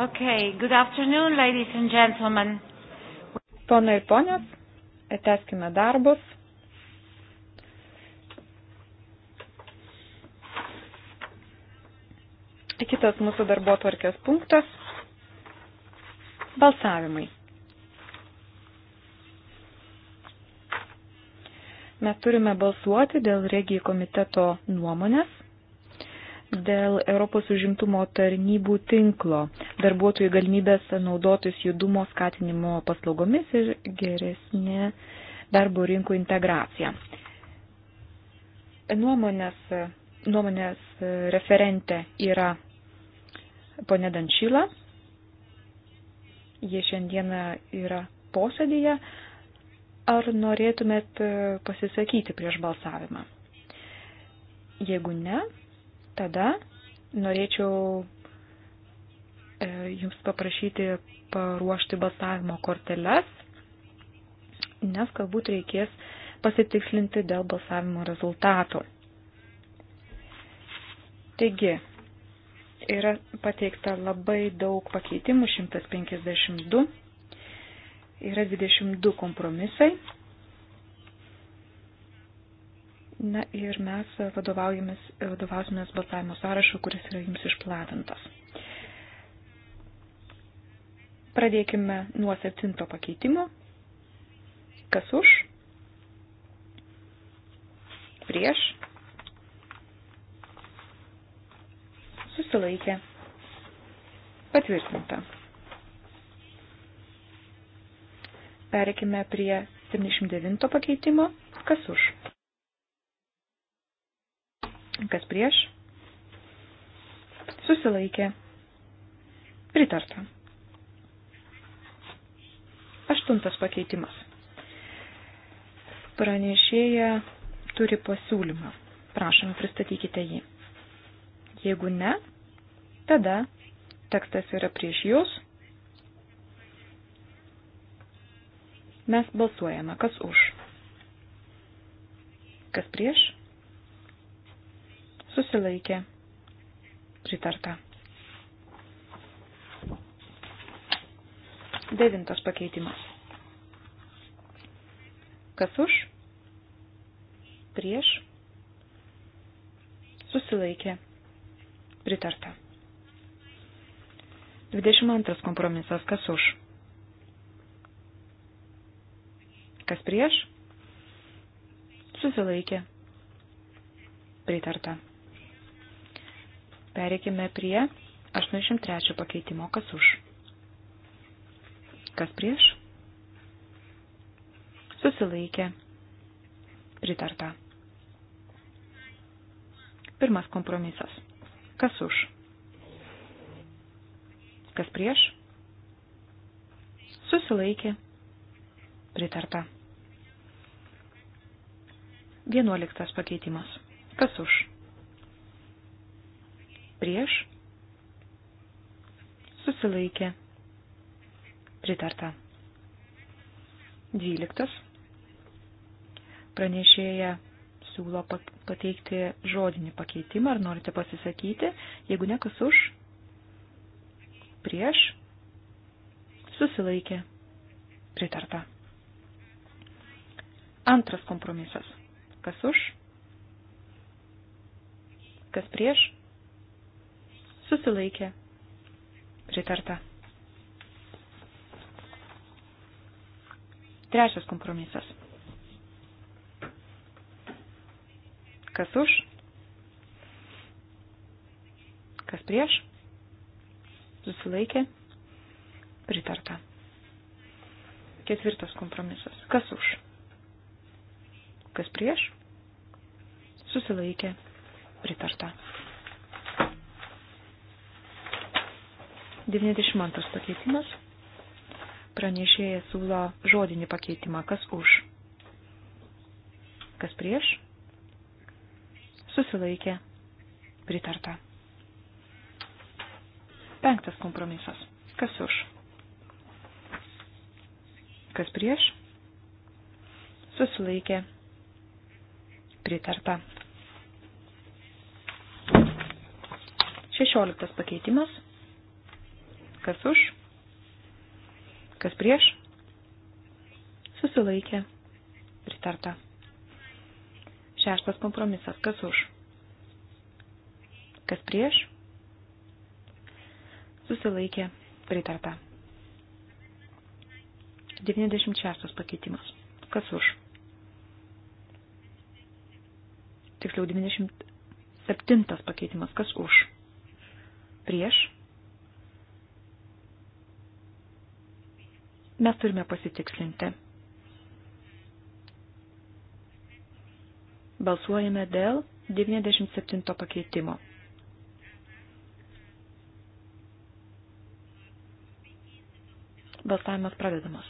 Okay, good afternoon, ladies and gentlemen. Ponai ir ponios, teskime darbus. Kitas mūsų darbo tvarkės punktas – balsavimai. Mes turime balsuoti dėl regijų komiteto nuomonės dėl Europos užimtumo tarnybų tinklo darbuotojų galimybės naudotis judumo skatinimo paslaugomis ir geresnė darbo rinkų integracija. Nuomonės, nuomonės referente yra ponė Dančyla. Jie šiandieną yra posėdėje. Ar norėtumėt pasisakyti prieš balsavimą? Jeigu ne, Tada norėčiau e, jums paprašyti paruošti balsavimo korteles, nes galbūt reikės pasitikslinti dėl balsavimo rezultatų. Taigi, yra pateikta labai daug pakeitimų, 152, yra 22 kompromisai, Na ir mes vadovausimės balsavimo sąrašo, kuris yra jums išplatintas. Pradėkime nuo septinto pakeitimo. Kas už? Prieš? Susilaikė. Patvirtinta. Pereikime prie 79 pakeitimo. Kas už? Kas prieš? Susilaikė. Pritarta. Aštuntas pakeitimas. Pranešėja turi pasiūlymą. Prašom, pristatykite jį. Jeigu ne, tada tekstas yra prieš jūs. Mes balsuojame, kas už. Kas prieš? susilaikė, pritarta. Devintas pakeitimas. Kas už, prieš, susilaikė, pritarta. 22 kompromisas. Kas už? Kas prieš? Susilaikė. Pritarta. Pereikime prie 83 pakeitimo. Kas už? Kas prieš? Susilaikė. Pritarta. Pirmas kompromisas. Kas už? Kas prieš? Susilaikė. Pritarta. Vienuoliktas pakeitimas. Kas už? prieš, susilaikė, pritarta. Dvyliktas. Pranešėja siūlo pateikti žodinį pakeitimą, ar norite pasisakyti, jeigu ne kas už, prieš, susilaikė, pritarta. Antras kompromisas. Kas už, kas prieš, susilaikė, pritarta. Trečias kompromisas. Kas už? Kas prieš? Susilaikė. Pritarta. Ketvirtas kompromisas. Kas už? Kas prieš? Susilaikė. Pritarta. 92 pakeitimas. Pranešėjas siūlo žodinį pakeitimą. Kas už? Kas prieš? Susilaikė. Pritarta. Penktas kompromisas. Kas už? Kas prieš? Susilaikė. Pritarta. Šešioliktas pakeitimas. Kas už? Kas prieš? Susilaikė. Pritarta. Šeštas kompromisas. Kas už? Kas prieš? Susilaikė. Pritarta. 96 pakeitimas. Kas už? Tiksliau 97 pakeitimas. Kas už? Prieš? mes turime pasitikslinti. Balsuojame dėl 97 pakeitimo. Balsavimas pradedamas.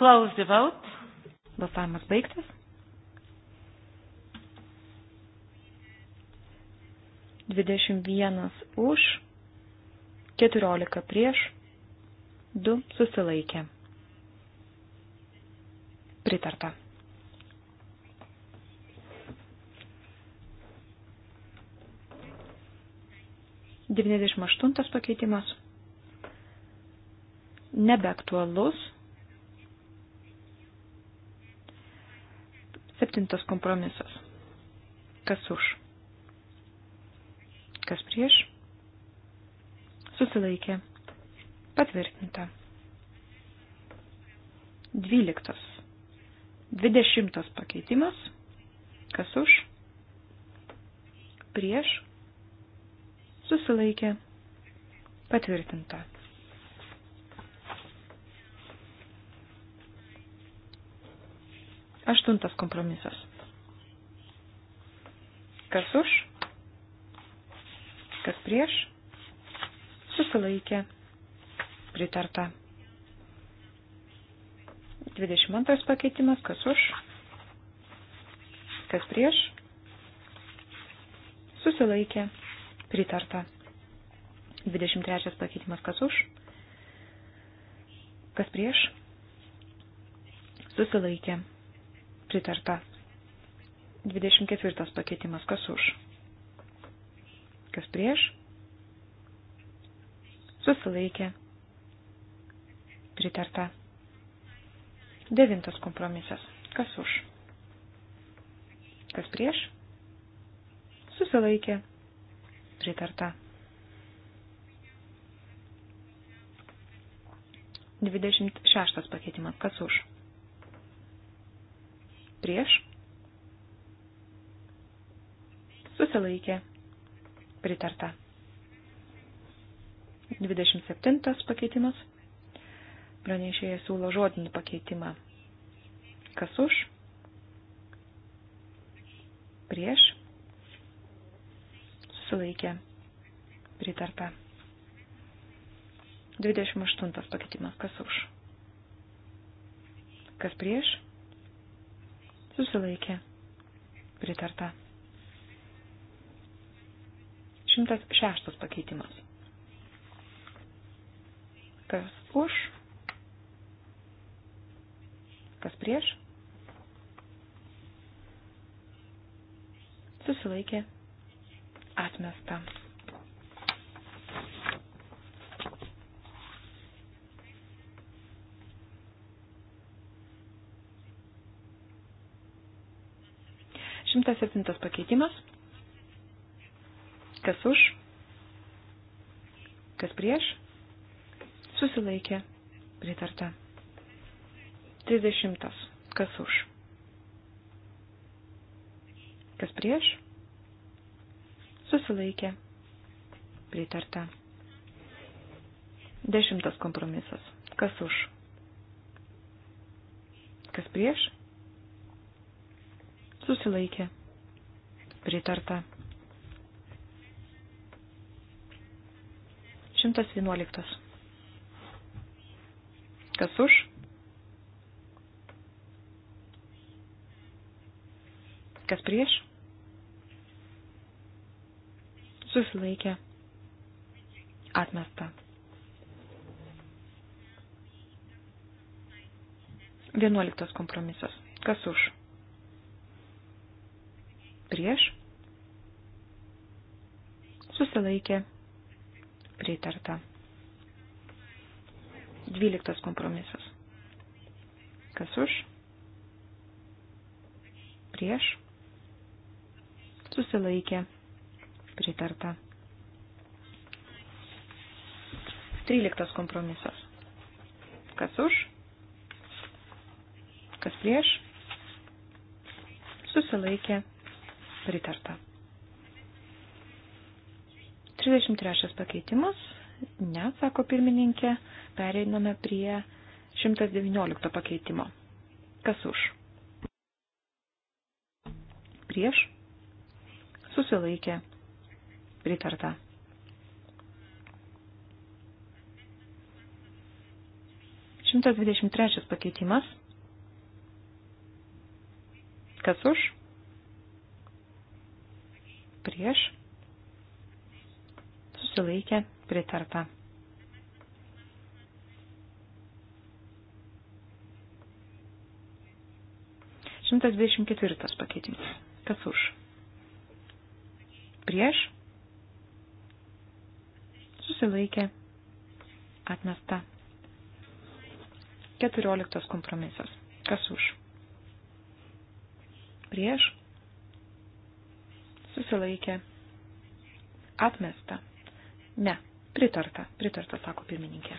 Close the vote. Balsavimas baigtas. 21 už, 14 prieš, 2 susilaikė. Pritarta. Devyniasdešimt aštuntas pakeitimas. Nebeaktualus. Septintas kompromisas. Kas už? Kas prieš? Susilaikė. Patvirtinta. Dvyliktas. Dvidešimtas pakeitimas. Kas už? Prieš. Susilaikė. Patvirtinta. Aštuntas kompromisas. Kas už? Kas prieš? Susilaikė. Pritarta. 22 pakeitimas. Kas už? Kas prieš? Susilaikė. Pritarta. 23 pakeitimas. Kas už? Kas prieš? Susilaikė. Pritarta. 24 pakeitimas. Kas už? kas prieš, susilaikė, pritarta. Devintas kompromisas, kas už, kas prieš, susilaikė, pritarta. 26 pakeitimas, kas už, prieš, susilaikė, pritarta Pritarta. 27 pakeitimas. Pranešėjas siūlo žodinį pakeitimą. Kas už? Prieš? Susilaikė. Pritarta. 28 pakeitimas. Kas už? Kas prieš? Susilaikė. Pritarta. 106 pakeitimas. Kas už? Kas prieš? Susilaikė. Atmesta. Šimtas septintas pakeitimas. Kas už? Kas prieš? Susilaikė. Pritarta. 30. Kas už? Kas prieš? Susilaikė. Pritarta. Dešimtas kompromisas. Kas už? Kas prieš? Susilaikė. Pritarta. 111. Kas už? Kas prieš? Susilaikė. Atmesta. 11 kompromisas. Kas už? Prieš? Susilaikė pritarta. Dvyliktas kompromisas. Kas už? Prieš? Susilaikė. Pritarta. Tryliktas kompromisas. Kas už? Kas prieš? Susilaikė. Pritarta. 33 pakeitimas. Ne, sako pirmininkė, pereiname prie 119 pakeitimo. Kas už? Prieš? Susilaikė. Pritarta. Šimtas dvidešimt trečias pakeitimas. Kas už? Prieš? susilaikė, pritarta. Šimtas dvidešimt ketvirtas pakeitimas. Kas už? Prieš? Susilaikė. Atmesta. Keturioliktas kompromisas. Kas už? Prieš? Susilaikė. Atmesta. Ne, pritarta, pritarta, sako pirmininkė.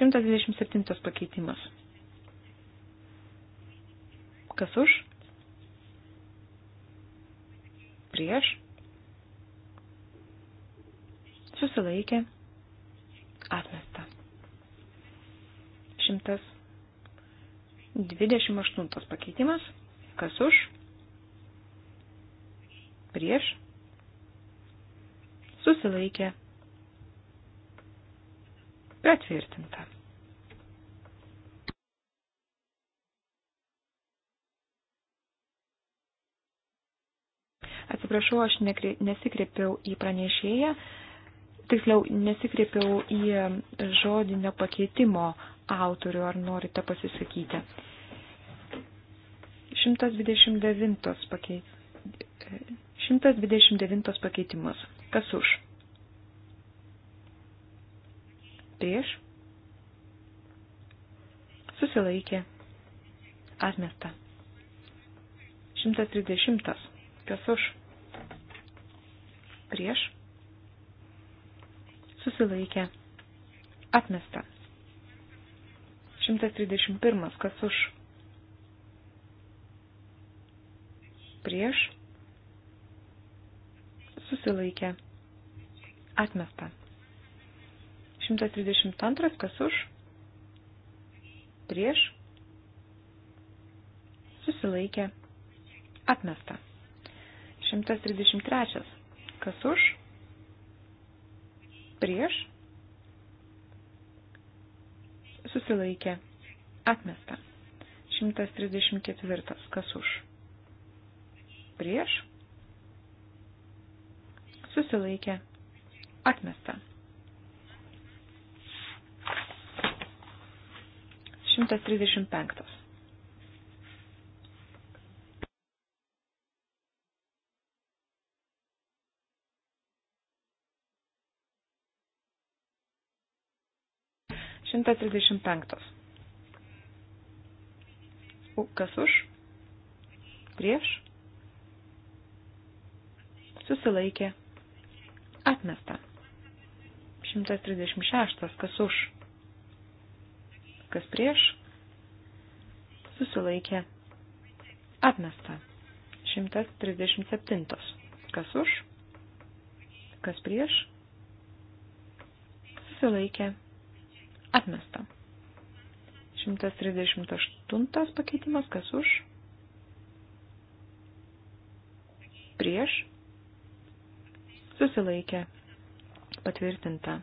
Šimtas dvidešimt septintas pakeitimas. Kas už? Prieš? Susilaikė? Atmesta. Šimtas dvidešimt aštuntas pakeitimas. Kas už? prieš, susilaikė, patvirtinta. Atsiprašau, aš nekri, nesikreipiau į pranešėją, tiksliau nesikreipiau į žodinio pakeitimo autorių, ar norite pasisakyti. 129 pakeitimas. 129 pakeitimas. Kas už? Prieš? Susilaikė. Atmesta. 130. Kas už? Prieš? Susilaikė. Atmesta. 131. Kas už? Prieš? susilaikė, atmesta. 132, kas už, prieš, susilaikė, atmesta. 133, kas už, prieš, susilaikė, atmesta. 134, kas už, prieš, susilaikė, atmesta. 135. Šimtas trisdešimt penktas. Kas už? Prieš? Susilaikė. Atmesta. 136. Kas už? Kas prieš? Susilaikė. Atmesta. 137. Kas už? Kas prieš? Susilaikė. Atmesta. 138 pakeitimas. Kas už? Prieš? susilaikė, patvirtinta.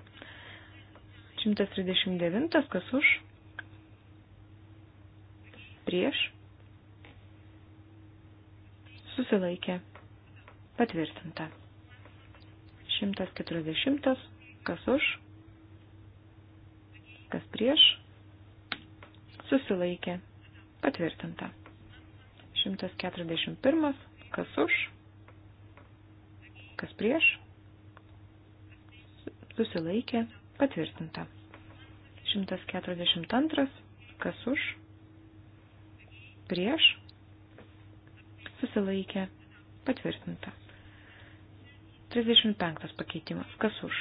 139, kas už, prieš, susilaikė, patvirtinta. 140, kas už, kas prieš, susilaikė, patvirtinta. 141, kas už, kas prieš, susilaikė, patvirtinta. 142, kas už, prieš, susilaikė, patvirtinta. 35 pakeitimas, kas už,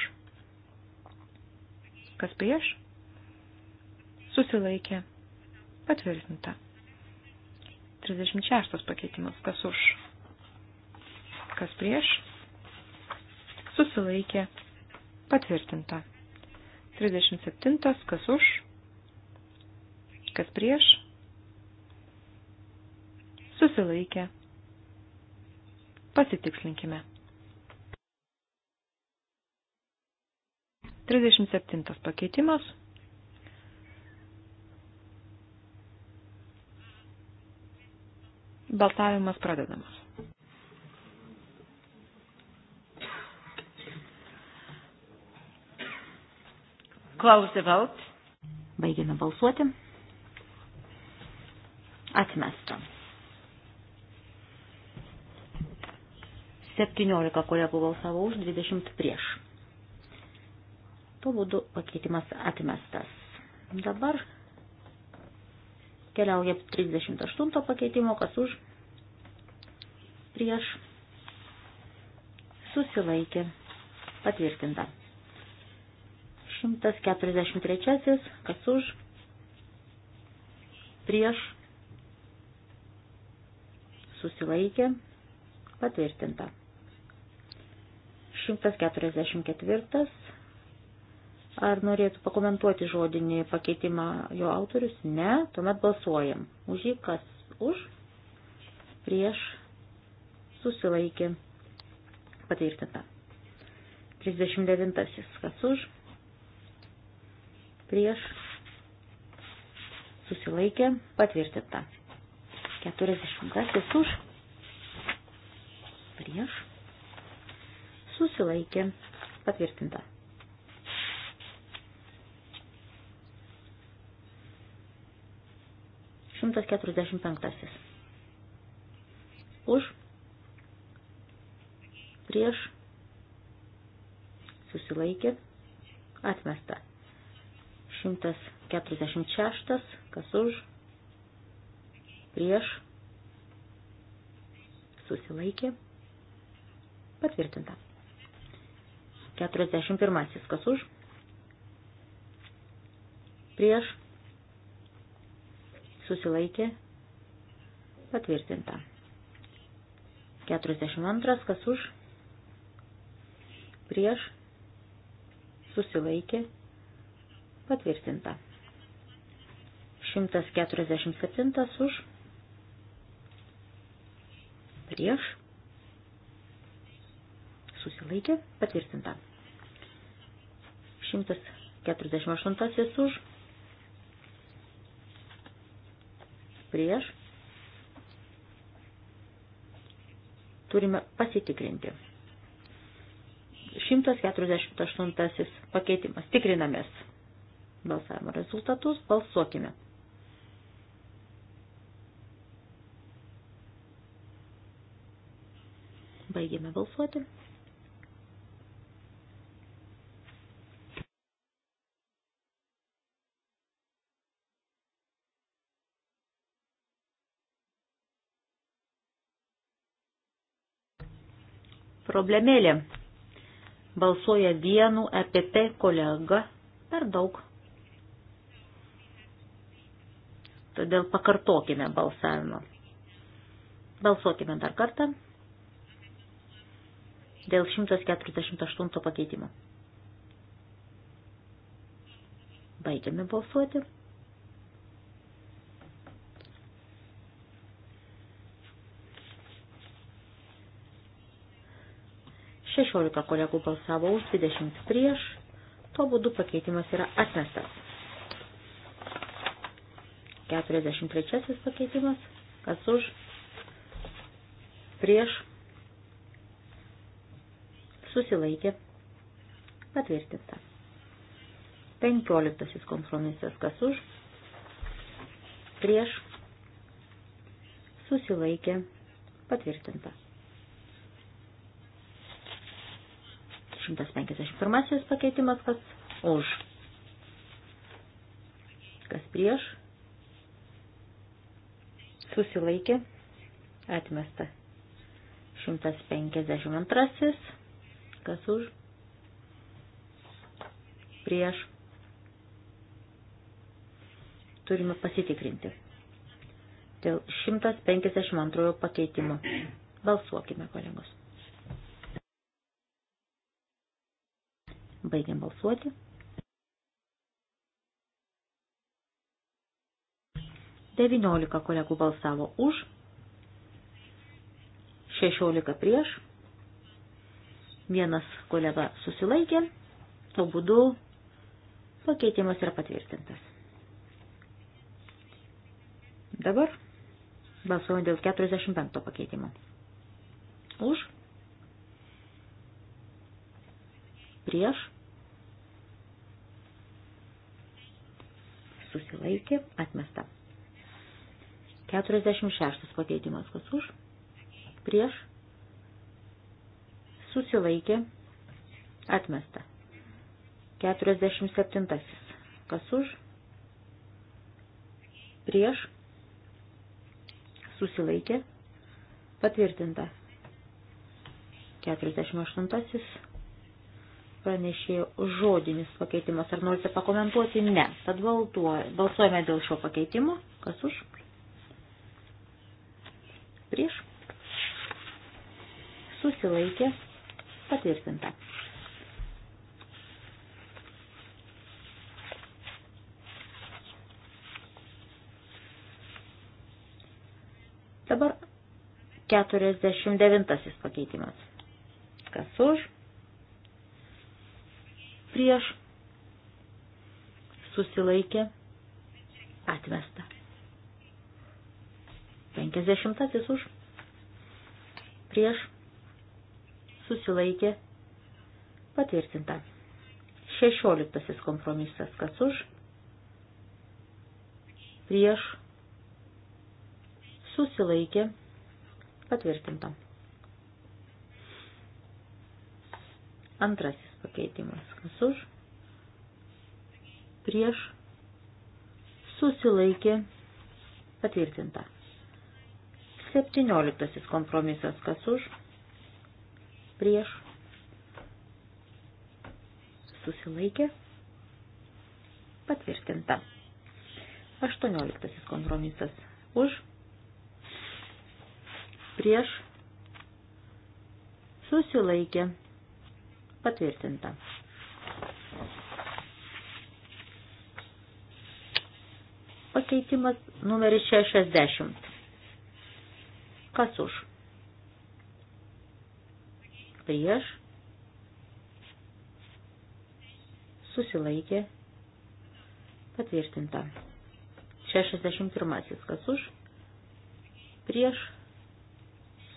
kas prieš, susilaikė, patvirtinta. 36 pakeitimas, kas už, kas prieš, susilaikė, Patvirtinta. 37. Kas už? Kas prieš? Susilaikė. Pasitikslinkime. 37. Pakeitimas. Balsavimas pradedamas. Close the vote. Baigiame balsuoti. Atmesta. 17 kolegų balsavo už, 20 prieš. Tuo būdu pakeitimas atmestas. Dabar keliauja 38 pakeitimo, kas už, prieš, susilaikė, patvirtinta. 143. Kas už? Prieš. Susilaikė. Patvirtinta. 144. Ar norėtų pakomentuoti žodinį pakeitimą jo autorius? Ne. Tuomet balsuojam. Už jį kas už, prieš, susilaikė, patvirtinta. 39. Kas už, prieš susilaikė patvirtinta. 40 už prieš susilaikė patvirtinta. Šimtas keturiasdešimt penktasis. Už, prieš, susilaikė, atmesta. 146, kas už, prieš, susilaikė, patvirtinta. 41, kas už, prieš, susilaikė, patvirtinta. 42, kas už, prieš, susilaikė, patvirtinta Patvirtinta. 147 už. Prieš. Susilaikė. Patvirtinta. 148 už. Prieš. Turime pasitikrinti. 148 pakeitimas. Tikrinamės balsavimo rezultatus. Balsuokime. Baigėme balsuoti. problemėlė. Balsuoja vienu EPP kolega per daug. Todėl pakartokime balsavimą. Balsuokime dar kartą dėl 148 pakeitimo. Baigiame balsuoti. Šešiolika kolegų balsavo už 20 prieš, tuo būdu pakeitimas yra atmestas. 43 pakeitimas, kas už, prieš, susilaikė, patvirtinta. 15 kompromisas, kas už, prieš, susilaikė, patvirtinta. 151 pakeitimas, kas už, kas prieš, susilaikė, atmesta. 152, kas už, prieš, turime pasitikrinti. Dėl 152 pakeitimo. Balsuokime, kolegos. Baigiam balsuoti. 19 kolegų balsavo už, 16 prieš, vienas kolega susilaikė, to būdu pakeitimas yra patvirtintas. Dabar balsuojant dėl 45 pakeitimo. Už, prieš, susilaikė, atmesta. 46 pakeitimas kas už, prieš, susilaikė, atmesta. 47 kas už, prieš, susilaikė, patvirtinta. 48 pranešėjo žodinis pakeitimas. Ar norite pakomentuoti? Ne. Tad balsuojame dėl šio pakeitimo. Kas už? prieš, susilaikė, patvirtinta. Dabar 49 pakeitimas. Kas už, prieš, susilaikė, atmesta. Penkisdešimtasis už. Prieš. Susilaikė. Patvirtinta. Šešioliktasis kompromisas. Kas už? Prieš. Susilaikė. Patvirtinta. Antrasis pakeitimas. Kas už? Prieš. Susilaikė. Patvirtinta. 17 kompromisas kas už, prieš, susilaikė, patvirtinta. 18 kompromisas už, prieš, susilaikė, patvirtinta. Pakeitimas numeris 60 Kas už? Prieš. Susilaikė. Patvirtinta. 61. Kas už? Prieš.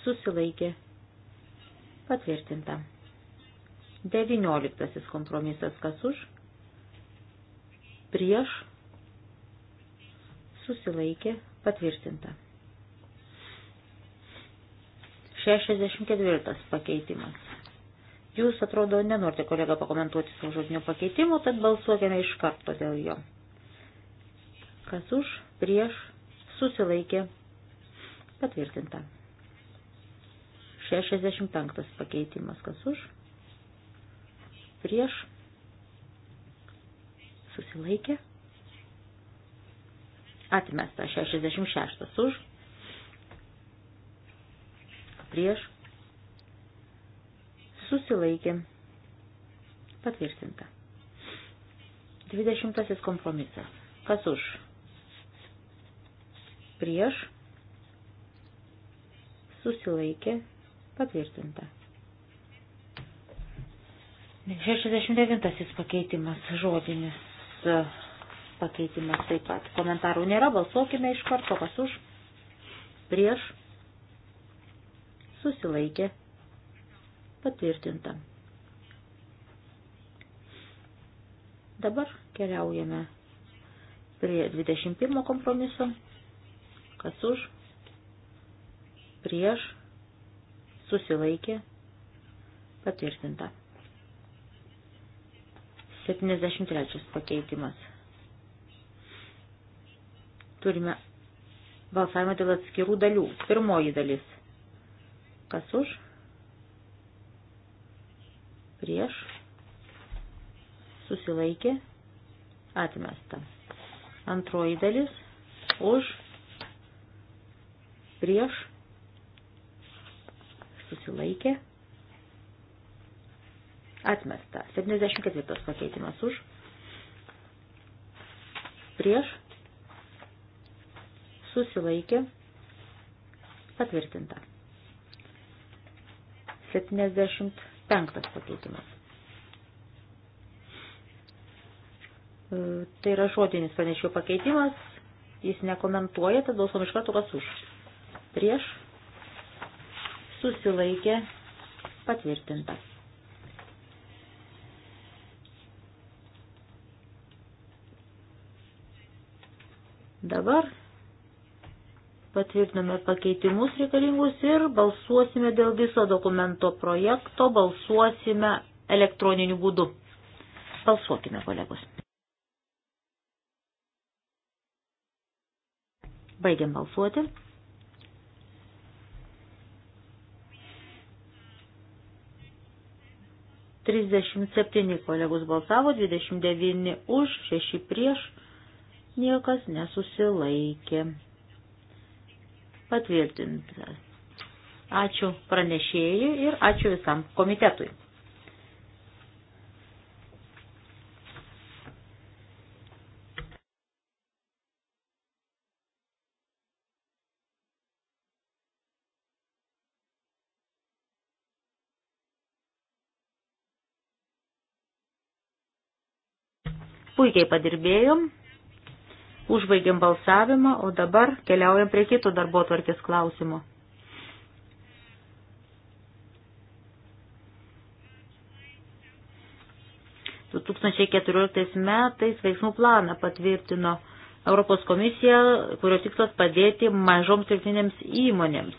Susilaikė. Patvirtinta. 19. Kompromisas. Kas už? Prieš. Susilaikė. Patvirtinta. 64 pakeitimas. Jūs, atrodo, nenorite kolega pakomentuoti savo žodinio pakeitimo, tad balsuokime iš karto dėl jo. Kas už, prieš, susilaikė, patvirtinta. 65 pakeitimas. Kas už, prieš, susilaikė, atmesta. 66 už, prieš, susilaikė, patvirtinta. 20 kompromisas. Kas už? Prieš, susilaikė, patvirtinta. 69 pakeitimas žodinis e, pakeitimas taip pat. Komentarų nėra, balsuokime iš karto, kas už, prieš, susilaikė patvirtinta. Dabar keliaujame prie 21 kompromiso, kas už, prieš, susilaikė, patvirtinta. 73 pakeitimas. Turime balsavimą dėl atskirų dalių. Pirmoji dalis – Kas už? Prieš. Susilaikė. Atmesta. Antroji dalis. Už. Prieš. Susilaikė. Atmesta. 74 pakeitimas už. Prieš. Susilaikė. Patvirtinta. 75 pakeitimas. E, tai yra žodinis pranešėjo pakeitimas, jis nekomentuoja, tad balsuom iš karto kas už. Prieš susilaikė patvirtinta. Dabar patvirtiname pakeitimus reikalingus ir balsuosime dėl viso dokumento projekto, balsuosime elektroniniu būdu. Balsuokime, kolegos. Baigiam balsuoti. Trisdešimt septyni kolegos balsavo, dvidešimt devyni už, šeši prieš, niekas nesusilaikė patvirtintas. Ačiū pranešėjai ir ačiū visam komitetui. Puikiai padirbėjom. Užbaigiam balsavimą, o dabar keliaujam prie kito darbo tvarkės klausimo. Du 2014 metais veiksmų planą patvirtino Europos komisija, kurio tikslas padėti mažoms ir tinėms įmonėms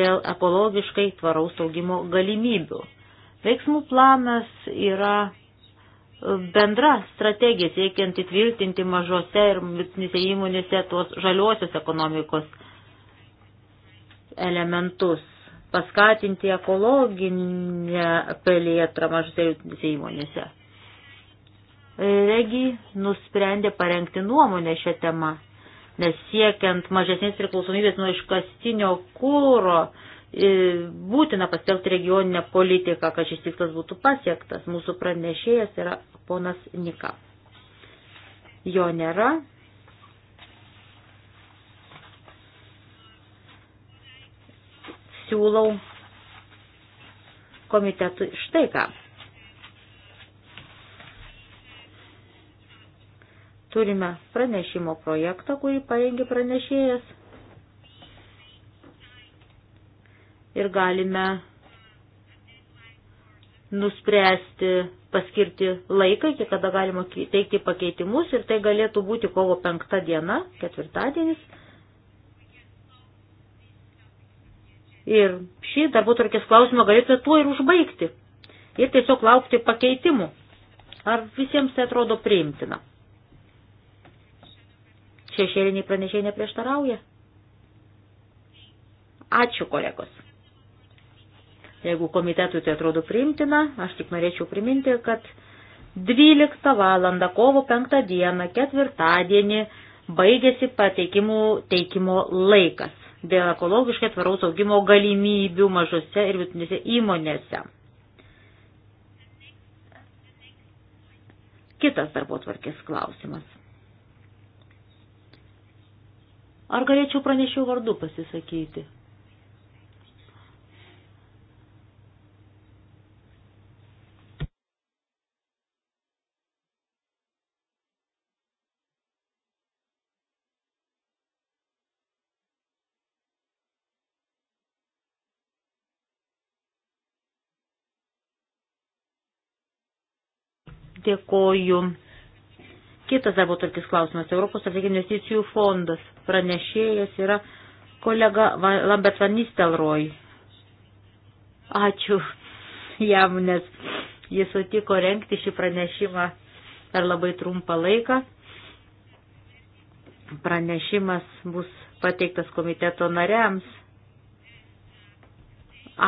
dėl ekologiškai tvaraus augimo galimybių. Veiksmų planas yra bendra strategija siekiant įtvirtinti mažose ir vidutinėse įmonėse tuos žaliosios ekonomikos elementus, paskatinti ekologinę pelėtrą mažose ir vidutinėse įmonėse. Regi nusprendė parengti nuomonę šią temą, nes siekiant mažesnės priklausomybės nuo iškastinio kūro, būtina pasitelkti regioninę politiką, kad šis tikslas būtų pasiektas. Mūsų pranešėjas yra ponas Nika. Jo nėra. Siūlau komitetui štai ką. Turime pranešimo projektą, kurį parengė pranešėjas ir galime nuspręsti paskirti laiką, iki kada galima teikti pakeitimus ir tai galėtų būti kovo penkta diena, ketvirtadienis. Ir šį darbų tvarkės klausimą galėtume tuo ir užbaigti. Ir tiesiog laukti pakeitimų. Ar visiems tai atrodo priimtina? Šešėliniai pranešiai neprieštarauja? Ačiū, kolegos. Jeigu komitetui tai atrodo priimtina, aš tik norėčiau priminti, kad 12 val. kovo 5 dieną, ketvirtadienį, baigėsi pateikimų teikimo laikas dėl ekologiškai tvaraus augimo galimybių mažose ir vidutinėse įmonėse. Kitas darbo tvarkės klausimas. Ar galėčiau pranešiau vardu pasisakyti? Dėkoju. Kitas darbo tarkis klausimas. Europos strateginių investicijų fondas. Pranešėjas yra kolega Lambert Van Nistelrooy. Ačiū jam, nes jis sutiko renkti šį pranešimą per labai trumpą laiką. Pranešimas bus pateiktas komiteto nariams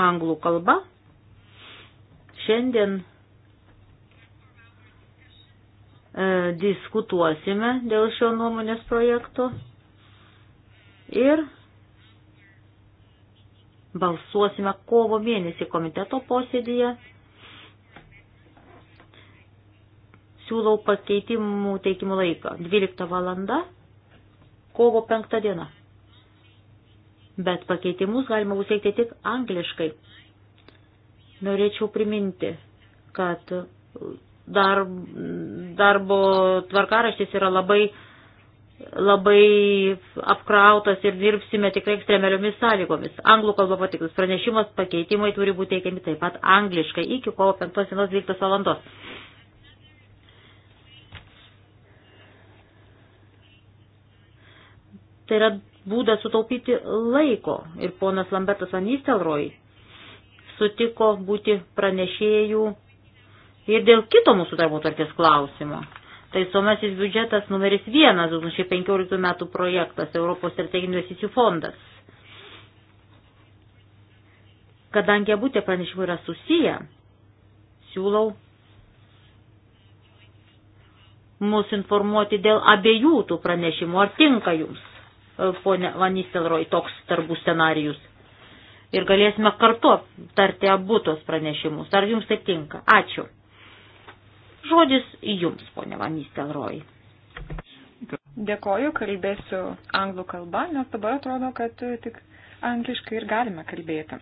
anglų kalba. Šiandien E, diskutuosime dėl šio nuomonės projekto ir balsuosime kovo mėnesį komiteto posėdėje. Siūlau pakeitimų teikimų laiką 12 valanda, kovo 5 diena. Bet pakeitimus galima bus teikti tik angliškai. Norėčiau priminti, kad dar, darbo tvarkaraštis yra labai, labai apkrautas ir dirbsime tikrai ekstremaliomis sąlygomis. Anglų kalba patiktas pranešimas, pakeitimai turi būti teikiami taip pat angliškai iki kovo 5 dienos 12 valandos. Tai yra būdas sutaupyti laiko ir ponas Lambertas Anistelroj sutiko būti pranešėjų ir dėl kito mūsų darbo tarkės klausimo. Tai suomasis biudžetas numeris vienas 2015 metų projektas Europos strateginių investicijų fondas. Kadangi abu tie pranešimai yra susiję, siūlau mus informuoti dėl abiejų tų pranešimų. Ar tinka jums, e, ponė Vanistelroj, toks darbų scenarijus? Ir galėsime kartu tarti abu tos pranešimus. Ar jums tai tinka? Ačiū. Žodis jums, ponia Vanistelroj. Dėkoju, kalbėsiu anglų kalba, nes dabar atrodo, kad tik angliškai ir galime kalbėti.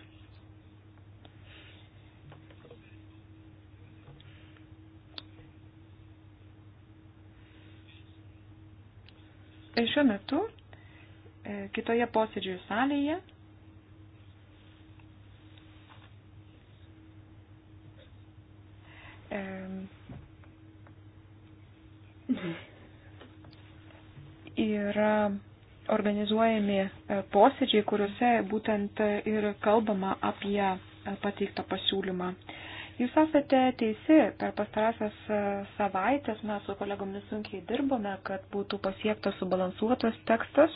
Ir e, šiuo metu e, kitoje posėdžių salėje e, Mhm. yra organizuojami e, posėdžiai, kuriuose būtent e, ir kalbama apie e, pateiktą pasiūlymą. Jūs esate teisi, per pastarąsias savaitės mes su kolegomis sunkiai dirbome, kad būtų pasiektas subalansuotas tekstas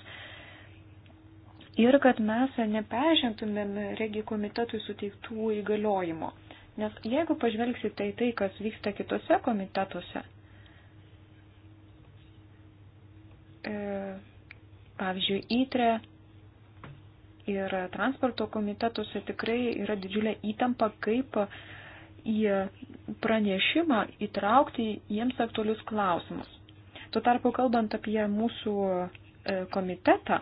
ir kad mes neperžengtumėm regijų komitetui suteiktų įgaliojimo. Nes jeigu pažvelgsite į tai, kas vyksta kitose komitetuose, E, pavyzdžiui, įtre ir transporto komitetuose tikrai yra didžiulė įtampa, kaip į pranešimą įtraukti jiems aktualius klausimus. Tuo tarpu, kalbant apie mūsų e, komitetą,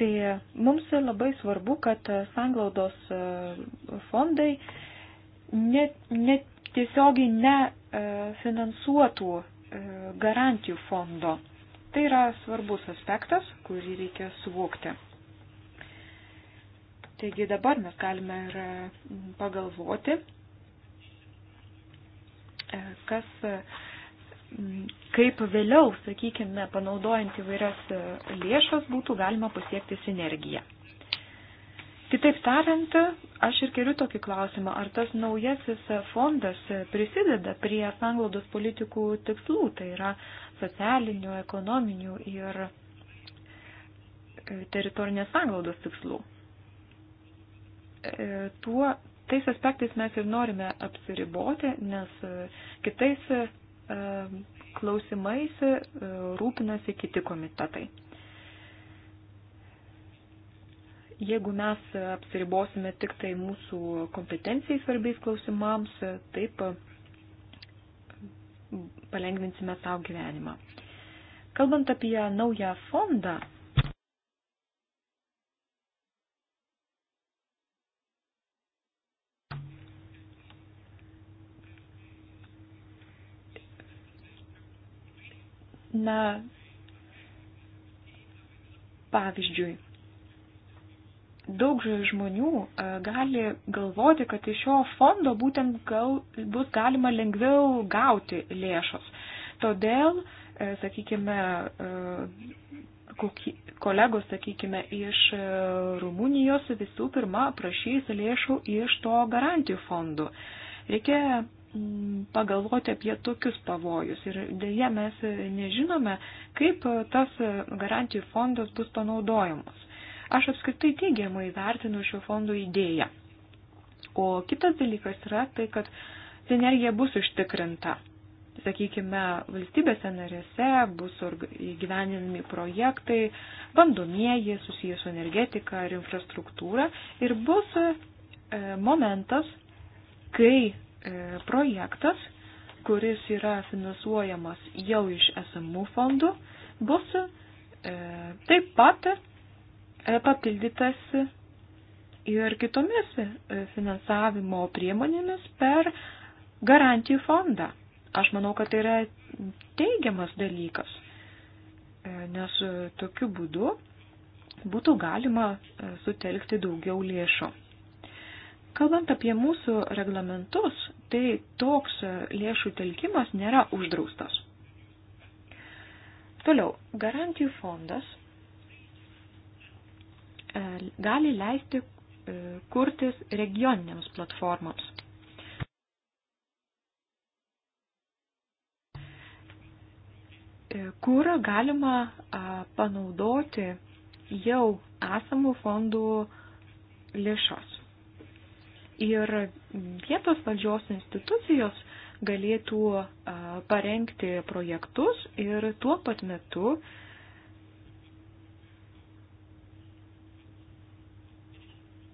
tai mums labai svarbu, kad sanglaudos e, fondai ne, ne tiesiogiai nefinansuotų e, e, garantijų fondo. Tai yra svarbus aspektas, kurį reikia suvokti. Taigi dabar mes galime ir e, pagalvoti, kas, kaip vėliau, sakykime, panaudojant įvairias lėšas būtų galima pasiekti sinergiją. Kitaip tariant, aš ir keliu tokį klausimą, ar tas naujasis fondas prisideda prie sanglaudos politikų tikslų, tai yra socialinių, ekonominių ir e, teritorinės sanglaudos tikslų. E, tuo, tais aspektais mes ir norime apsiriboti, nes e, kitais klausimais rūpinasi kiti komitetai. Jeigu mes apsiribosime tik tai mūsų kompetencijai svarbiais klausimams, taip palengvinsime savo gyvenimą. Kalbant apie naują fondą, na, pavyzdžiui, daug žmonių e, gali galvoti, kad iš šio fondo būtent gal, bus galima lengviau gauti lėšos. Todėl, e, sakykime, e, kolegos, sakykime, iš Rumunijos visų pirma prašys lėšų iš to garantijų fondų. Reikia pagalvoti apie tokius pavojus. Ir dėje mes nežinome, kaip tas garantijų fondas bus panaudojamas. Aš apskritai teigiamai vertinu šio fondo idėją. O kitas dalykas yra tai, kad sinergija bus užtikrinta. Sakykime, valstybėse narėse bus įgyveninami projektai, bandomieji susijęs su energetika ir infrastruktūra ir bus e, momentas, kai e, projektas, kuris yra finansuojamas jau iš esamų fondų, bus e, taip pat E, papildytas ir kitomis e, finansavimo priemonėmis per garantijų fondą. Aš manau, kad tai yra teigiamas dalykas, e, nes tokiu būdu būtų galima sutelkti daugiau lėšų. Kalbant apie mūsų reglamentus, tai toks lėšų telkimas nėra uždraustas. Toliau, garantijų fondas E, gali leisti e, kurtis regioniniams platformoms. E, Kūrą galima panaudoti jau esamų fondų lėšos. Ir vietos valdžios institucijos galėtų parengti projektus ir tuo pat metu uh,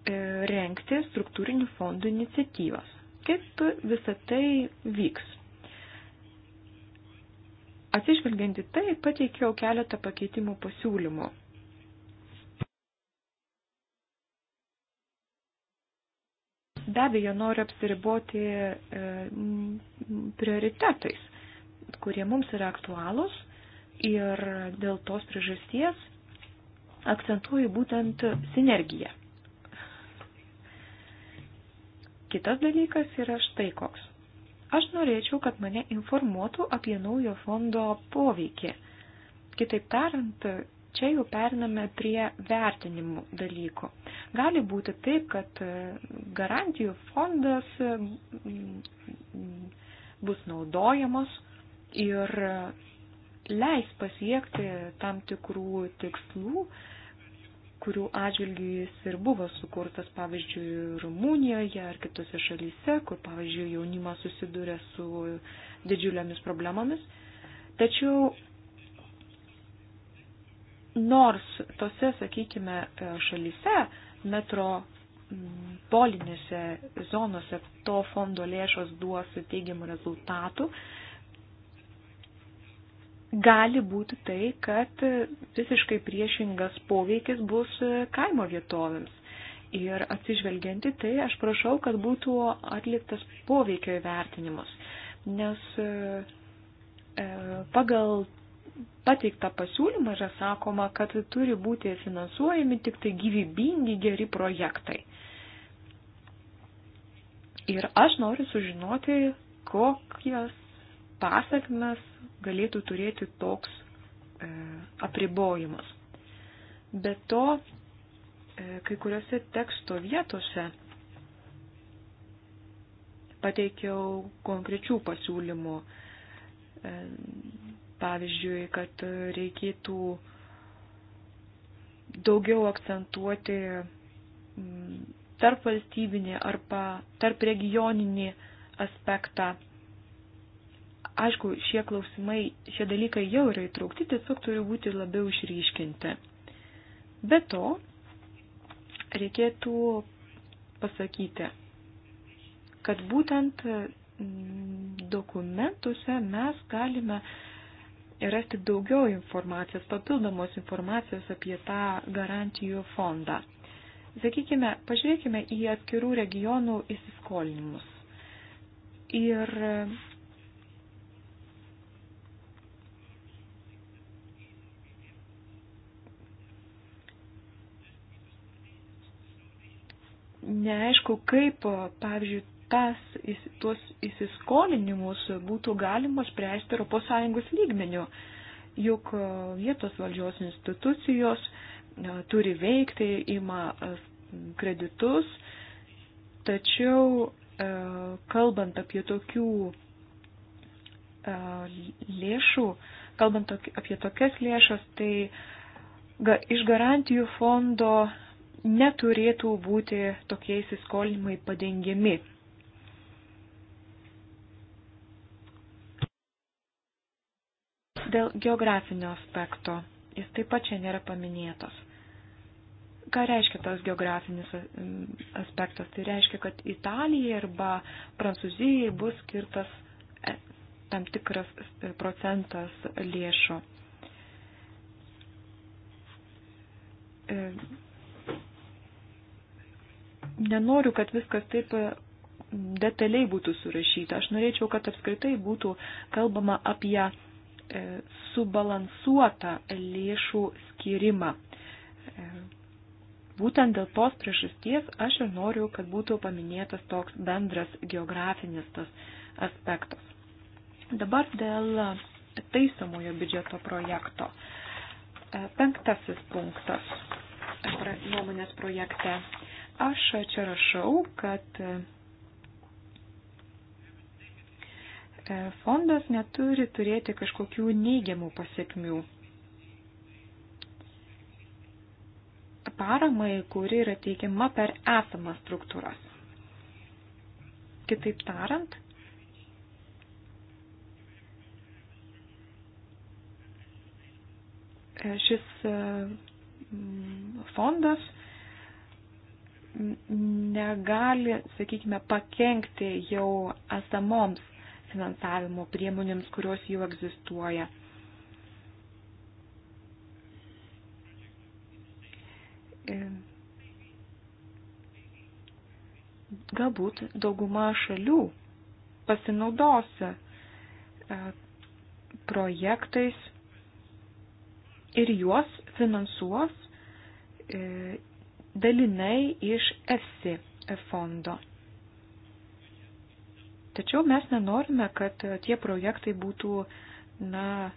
E, renkti struktūrinių fondų iniciatyvas. Kaip visa tai vyks? Atsižvelgianti tai, pateikiau keletą pakeitimų pasiūlymų. Be abejo, noriu apsiriboti e, prioritetais, kurie mums yra aktualūs ir dėl tos priežasties akcentuoju būtent sinergiją Kitas dalykas yra štai koks. Aš norėčiau, kad mane informuotų apie naujo fondo poveikį. Kitaip tariant, čia jau periname prie vertinimų dalykų. Gali būti taip, kad e, garantijų fondas e, bus naudojamos ir e, leis pasiekti tam tikrų tikslų, kurių atžvilgių jis ir buvo sukurtas, pavyzdžiui, Rumunijoje ar kitose šalyse, kur, pavyzdžiui, jaunimas susiduria su didžiuliamis problemomis. Tačiau nors tose, sakykime, šalyse metro polinėse zonose to fondo lėšos duos teigiamų rezultatų, gali būti tai, kad visiškai priešingas poveikis bus kaimo vietovėms. Ir atsižvelgianti tai, aš prašau, kad būtų atliktas poveikio įvertinimas, nes e, pagal pateiktą pasiūlymą yra sakoma, kad turi būti finansuojami tik tai gyvybingi geri projektai. Ir aš noriu sužinoti, kokias pasakmes galėtų turėti toks e, apribojimas. Be to, e, kai kuriuose teksto vietose pateikiau konkrečių pasiūlymų. E, pavyzdžiui, kad reikėtų daugiau akcentuoti tarp valstybinį arba tarp regioninį aspektą Aišku, šie klausimai, šie dalykai jau yra įtraukti, tiesiog turi būti labiau išryškinti. Be to, reikėtų pasakyti, kad būtent mm, dokumentuose mes galime rasti daugiau informacijos, papildomos informacijos apie tą garantijų fondą. Sakykime, pažiūrėkime į atskirų regionų įsiskolinimus. Ir neaišku, kaip, pavyzdžiui, tas, tuos įsiskolinimus būtų galima spręsti ES lygmeniu. Juk e, vietos valdžios institucijos e, turi veikti, ima e, kreditus, tačiau kalbant apie tokių lėšų, kalbant apie tokias lėšas, tai iš garantijų fondo neturėtų būti tokie įsiskolinimai padengiami. Dėl geografinio aspekto jis taip pat čia nėra paminėtas. Ką reiškia tas geografinis aspektas? Tai reiškia, kad Italijai arba Prancūzijai bus skirtas e, tam tikras e, procentas lėšų e, nenoriu, kad viskas taip e, detaliai būtų surašyta. Aš norėčiau, kad apskritai būtų kalbama apie e, subalansuotą lėšų skirimą. E, būtent dėl tos priežasties aš ir noriu, kad būtų paminėtas toks bendras geografinis tas aspektas. Dabar dėl taisomojo biudžeto projekto. Penktasis punktas nuomonės projekte Aš čia rašau, kad e, fondas neturi turėti kažkokių neigiamų pasiekmių. Paramai, kuri yra teikiama per esamas struktūras. Kitaip tariant, e, šis e, fondas negali, sakykime, pakengti jau esamoms finansavimo priemonėms, kurios jau egzistuoja. Galbūt dauguma šalių pasinaudos e, projektais ir juos finansuos e, dalinai iš EFSI fondo. Tačiau mes nenorime, kad tie projektai būtų, na,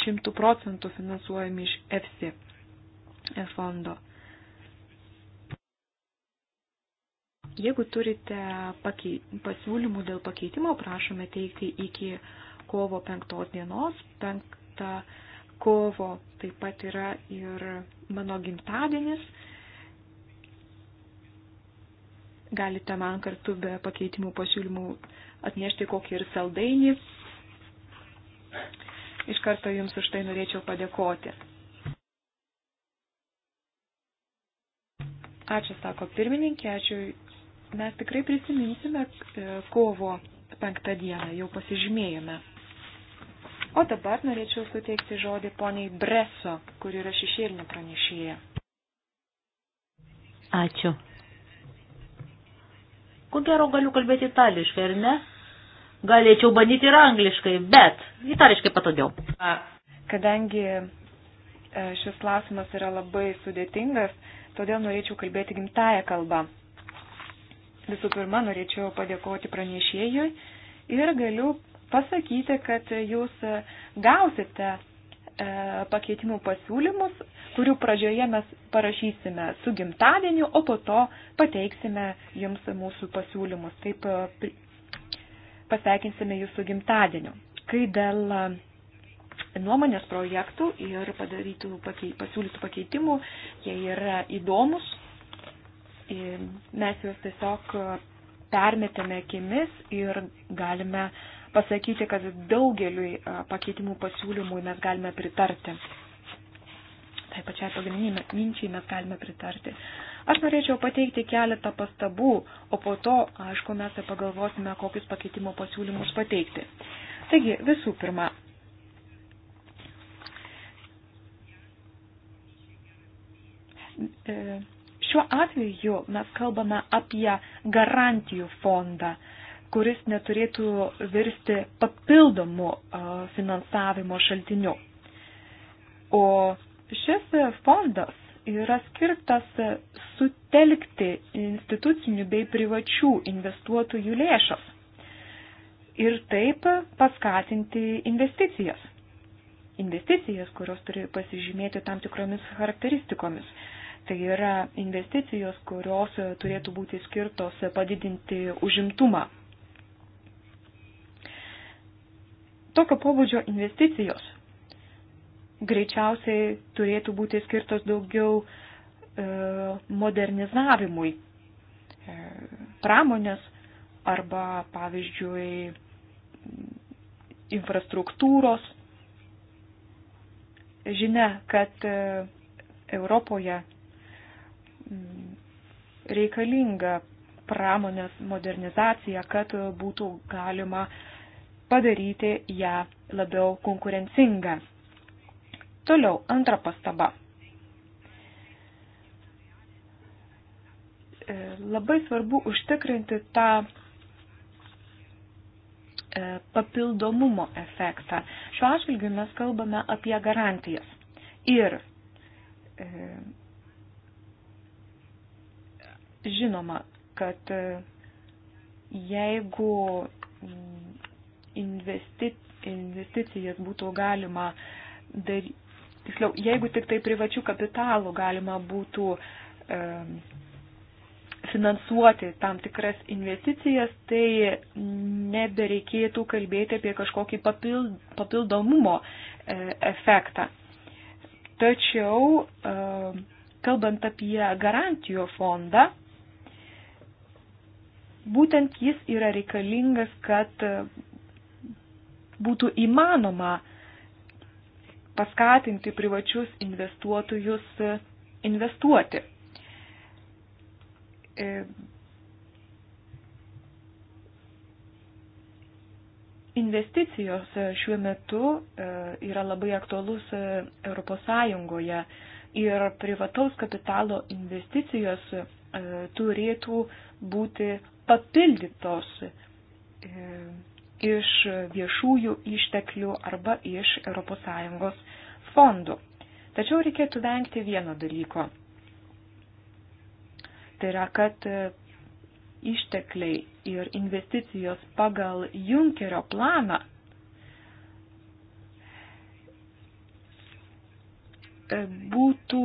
šimtų procentų finansuojami iš EFSI fondo. Jeigu turite pakei, pasiūlymų dėl pakeitimo, prašome teikti iki kovo 5 dienos, 5 kovo taip pat yra ir mano gimtadienis. Galite man kartu be pakeitimų pasiūlymų atnešti kokį ir saldainį. Iš karto Jums už tai norėčiau padėkoti. Ačiū, sako pirmininkė, ačiū. Mes tikrai prisiminsime e, kovo penktą dieną, jau pasižymėjome. O dabar norėčiau suteikti žodį poniai Breso, kuri yra šešėlinė pranešėja. Ačiū. Ko gero galiu kalbėti itališkai, ar ne? Galėčiau bandyti ir angliškai, bet itališkai patogiau. Kadangi e, šis klausimas yra labai sudėtingas, todėl norėčiau kalbėti gimtają kalbą. Visų pirma, norėčiau padėkoti pranešėjui ir galiu pasakyti, kad jūs gausite e, pakeitimų pasiūlymus, kurių pradžioje mes parašysime su gimtadieniu, o po to pateiksime jums mūsų pasiūlymus. Taip e, pasveikinsime jūsų gimtadieniu. Kai dėl e, nuomonės projektų ir padarytų pakei, pasiūlytų pakeitimų, jie yra įdomus, mes juos tiesiog permetėme akimis ir galime uh, pasakyti, kad daugeliui pakeitimų pasiūlymui mes galime pritarti. Tai pačiai pagrindiniai minčiai mes galime pritarti. Aš norėčiau pateikti keletą pastabų, o po to, aišku, mes pagalvosime, kokius pakeitimo pasiūlymus pateikti. Taigi, visų pirma, e, šiuo atveju mes kalbame apie garantijų fondą kuris neturėtų virsti papildomu finansavimo šaltiniu. O šis fondas yra skirtas sutelkti institucinių bei privačių investuotojų lėšas ir taip paskatinti investicijas. Investicijas, kurios turi pasižymėti tam tikromis charakteristikomis. Tai yra investicijos, kurios turėtų būti skirtos padidinti užimtumą tokio pobūdžio investicijos greičiausiai turėtų būti skirtos daugiau e, modernizavimui e, pramonės arba, pavyzdžiui, infrastruktūros. Žinia, kad e, Europoje reikalinga pramonės modernizacija, kad būtų galima uh, padaryti ją labiau konkurencingą. Toliau antra pastaba. E, labai svarbu užtikrinti tą e, papildomumo efektą. Šiuo atžvilgiu mes kalbame apie garantijas. Ir e, žinoma, kad jeigu investi, investicijas būtų galima daryti, tiksliau, jeigu tik tai privačių kapitalų galima būtų e, finansuoti tam tikras investicijas, tai nebereikėtų kalbėti apie kažkokį papild, papildomumo e, efektą. Tačiau, e, kalbant apie garantijų fondą, būtent jis yra reikalingas, kad būtų įmanoma paskatinti privačius investuotojus investuoti. E, investicijos šiuo metu e, yra labai aktualus ES ir privataus kapitalo investicijos e, turėtų būti papildytos iš viešųjų išteklių arba iš ES fondų. Tačiau reikėtų vengti vieno dalyko. Tai yra, kad ištekliai ir investicijos pagal Junkerio planą e, būtų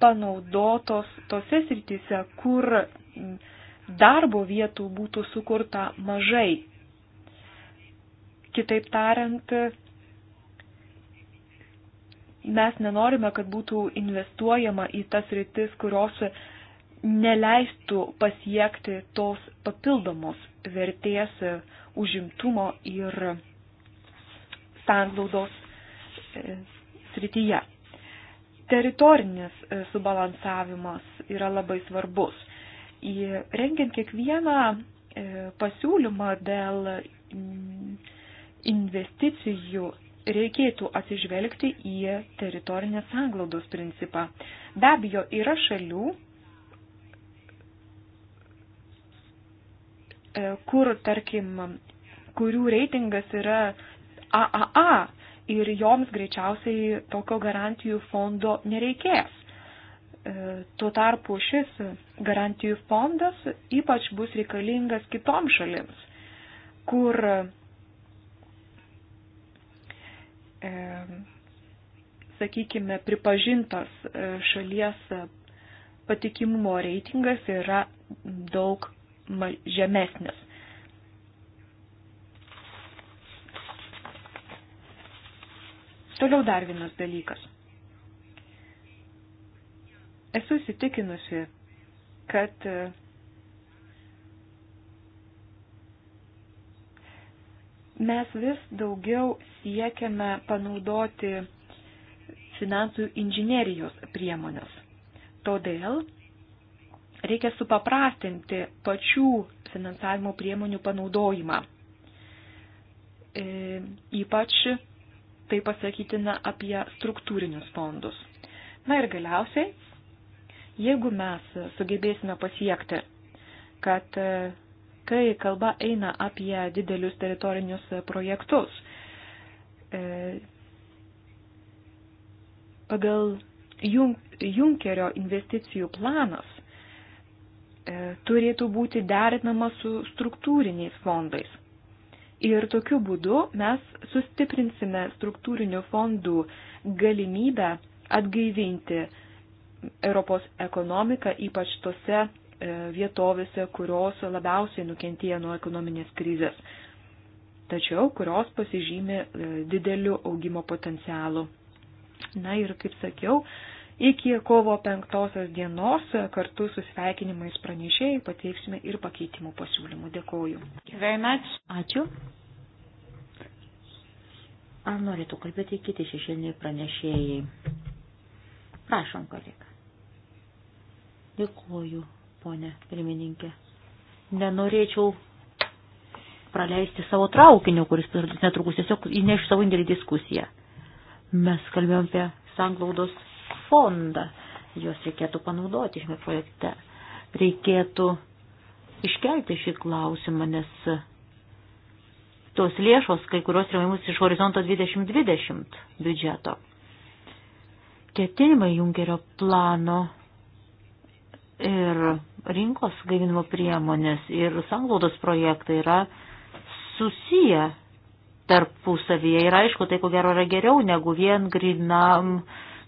panaudotos tose srityse, kur darbo vietų būtų sukurta mažai Kitaip tariant, mes nenorime, kad būtų investuojama į tas rytis, kurios neleistų pasiekti tos papildomos vertės užimtumo ir sanglaudos e, srityje. Teritorinis e, subalansavimas yra labai svarbus. Rengiant kiekvieną e, pasiūlymą dėl investicijų reikėtų atsižvelgti į teritorinės sanglaudos principą. Be abejo, yra šalių, e, kur, tarkim, kurių reitingas yra AAA ir joms greičiausiai tokio garantijų fondo nereikės. E, tuo tarpu šis garantijų fondas ypač bus reikalingas kitoms šalims, kur E, sakykime, pripažintos e, šalies patikimumo reitingas yra daug žemesnis. Toliau dar vienas dalykas. Esu įsitikinusi, kad e, Mes vis daugiau siekiame panaudoti finansų inžinerijos priemonės. Todėl reikia supaprastinti pačių finansavimo priemonių panaudojimą. E, ypač tai pasakytina apie struktūrinius fondus. Na ir galiausiai, jeigu mes sugebėsime pasiekti, kad e, kai kalba eina apie didelius teritorinius projektus. E, pagal Junkerio investicijų planas e, turėtų būti derinamas su struktūriniais fondais. Ir tokiu būdu mes sustiprinsime struktūrinių fondų galimybę atgaivinti Europos ekonomiką, ypač tose E, vietovėse, kurios labiausiai nukentėjo nuo ekonominės krizės, tačiau kurios pasižymė e, dideliu augimo potencialu. Na ir kaip sakiau, iki kovo penktosios dienos kartu su sveikinimais pranešėjai pateiksime ir pakeitimų pasiūlymų. Dėkoju. Ačiū. Ar norėtų kalbėti kiti šešėliniai pranešėjai? Prašom, kolega. Dėkuoju, ponė pirmininkė. Nenorėčiau praleisti savo traukinio, kuris netrukus tiesiog įneš savo indėlį diskusiją. Mes kalbėjom apie sanglaudos fondą. Juos reikėtų panaudoti šiame projekte. Reikėtų iškelti šį klausimą, nes tos lėšos, kai kurios remiamus iš horizonto 2020 biudžeto. Ketinimai Junkerio plano ir rinkos gaivinimo priemonės ir sanglaudos projektai yra susiję tarpusavyje. Ir aišku, tai ko gero yra geriau negu vien grinam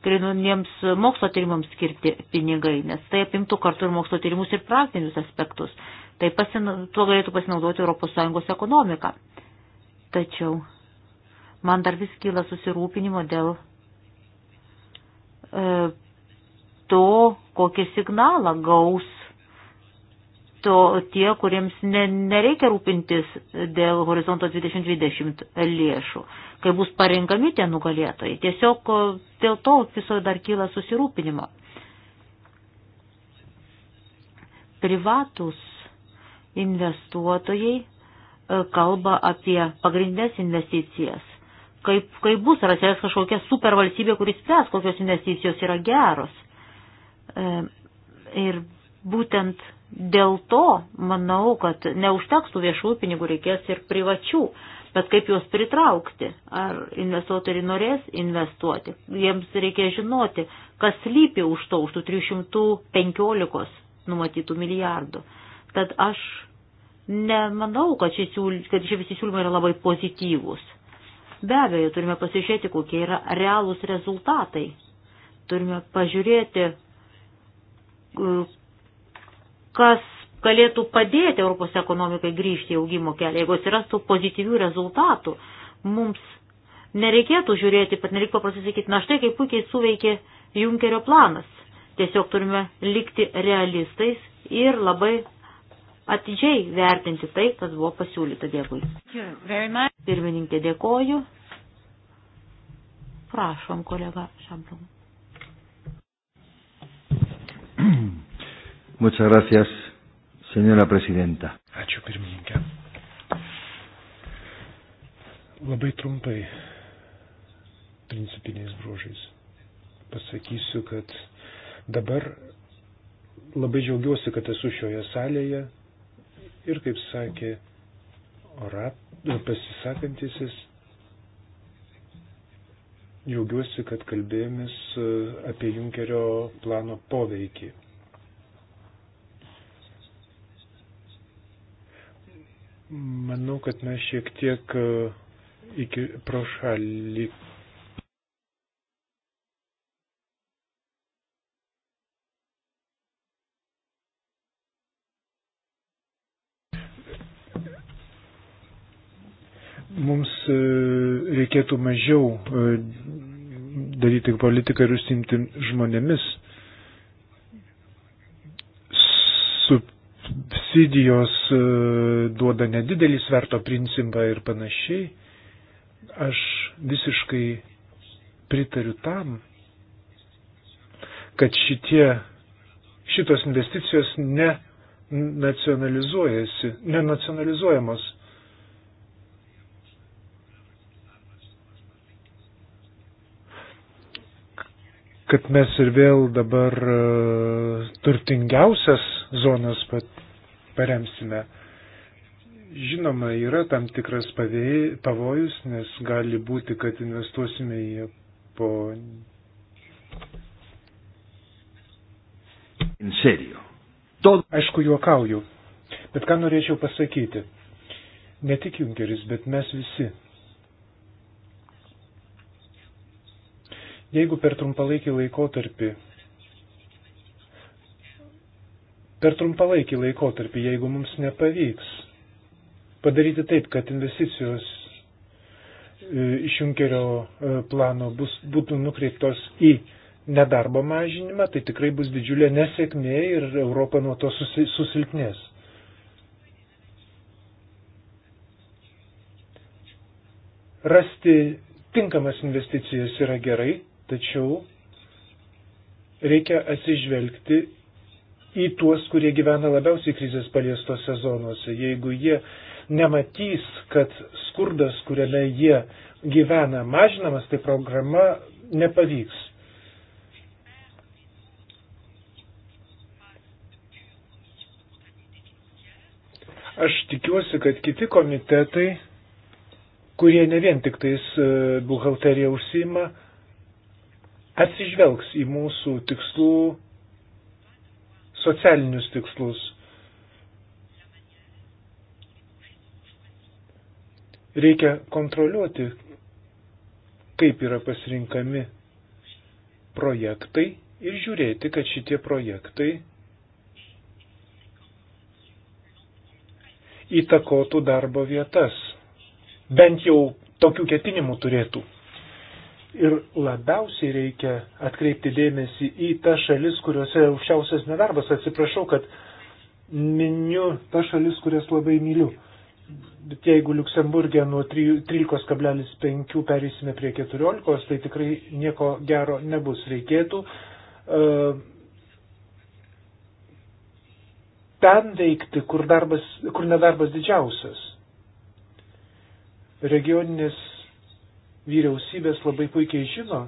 grinuniems mokslo tyrimams skirti pinigai, nes tai apimtų kartu ir mokslo tyrimus ir praktinius aspektus. Tai pasina, tuo galėtų pasinaudoti ES ekonomika. Tačiau man dar vis kyla susirūpinimo dėl e, to, kokį signalą gaus to tie, kuriems ne, nereikia rūpintis dėl horizonto 2020 lėšų, kai bus parenkami tie nugalėtojai. Tiesiog dėl to viso dar kyla susirūpinimo. Privatus investuotojai e, kalba apie pagrindinės investicijas. Kaip, kaip bus, ar atsiras kažkokia supervalstybė, kuris spręs, kokios investicijos yra geros E, ir būtent dėl to manau, kad neužteks tų viešųjų pinigų, reikės ir privačių. Bet kaip juos pritraukti? Ar investuotojai norės investuoti? Jiems reikia žinoti, kas lypi už to, už tų 315 numatytų milijardų. Tad aš nemanau, kad šie, siūly, kad šie visi siūlymai yra labai pozityvūs. Be abejo, turime pasižiūrėti, kokie yra realūs rezultatai. Turime pažiūrėti, kas galėtų padėti Europos ekonomikai grįžti į augimo kelią, jeigu atsirastų pozityvių rezultatų, mums nereikėtų žiūrėti, pat nereikėtų paprastai sakyti, na štai kaip puikiai suveikė Junkerio planas. Tiesiog turime likti realistais ir labai atidžiai vertinti tai, kas buvo pasiūlyta. Dėkui. Pirmininkė, dėkoju. Prašom, kolega Šablum. Muchas gracias, senora prezidenta. Ačiū pirmininkė. Labai trumpai principiniais bruožais pasakysiu, kad dabar labai džiaugiuosi, kad esu šioje salėje ir, kaip sakė ora, pasisakantisis, džiaugiuosi, kad kalbėjomės e, apie Junkerio plano poveikį. Manau, kad mes šiek tiek e, iki pro šalį. Mums e, reikėtų mažiau e, daryti politiką ir užsimti žmonėmis, subsidijos e, duoda nedidelį sverto principą ir panašiai. Aš visiškai pritariu tam, kad šitie, šitos investicijos ne nacionalizuojasi, nenacionalizuojamos. kad mes ir vėl dabar e, turtingiausias zonas paremsime. Žinoma, yra tam tikras pavojus, nes gali būti, kad investuosime į Japoniją. Aišku, juokauju. Bet ką norėčiau pasakyti? Ne tik Junkeris, bet mes visi Jeigu per trumpalaikį laikotarpį, per trumpalaikį laikotarpį, jeigu mums nepavyks padaryti taip, kad investicijos e, iš Junkerio e, plano bus, būtų nukreiptos į nedarbo mažinimą, tai tikrai bus didžiulė nesėkmė ir Europa nuo to susi, susilpnės. Rasti tinkamas investicijas yra gerai, Tačiau reikia atsižvelgti į tuos, kurie gyvena labiausiai krizės paliestose zonose. Jeigu jie nematys, kad skurdas, kuriame jie gyvena, mažinamas, tai programa nepavyks. Aš tikiuosi, kad kiti komitetai, kurie ne vien tik tais e, buhalterija užsima, atsižvelgs į mūsų tikslų, socialinius tikslus. Reikia kontroliuoti, kaip yra pasirinkami projektai ir žiūrėti, kad šitie projektai įtakotų darbo vietas. Bent jau tokių ketinimų turėtų. Ir labiausiai reikia atkreipti dėmesį į tas šalis, kuriuose aukščiausias nedarbas. Atsiprašau, kad miniu tas šalis, kurias labai myliu. Bet jeigu Luksemburgė nuo 13,5 perėsime prie 14, tai tikrai nieko gero nebus. Reikėtų uh, e, ten veikti, kur, darbas, kur nedarbas didžiausias. Regioninės vyriausybės labai puikiai žino,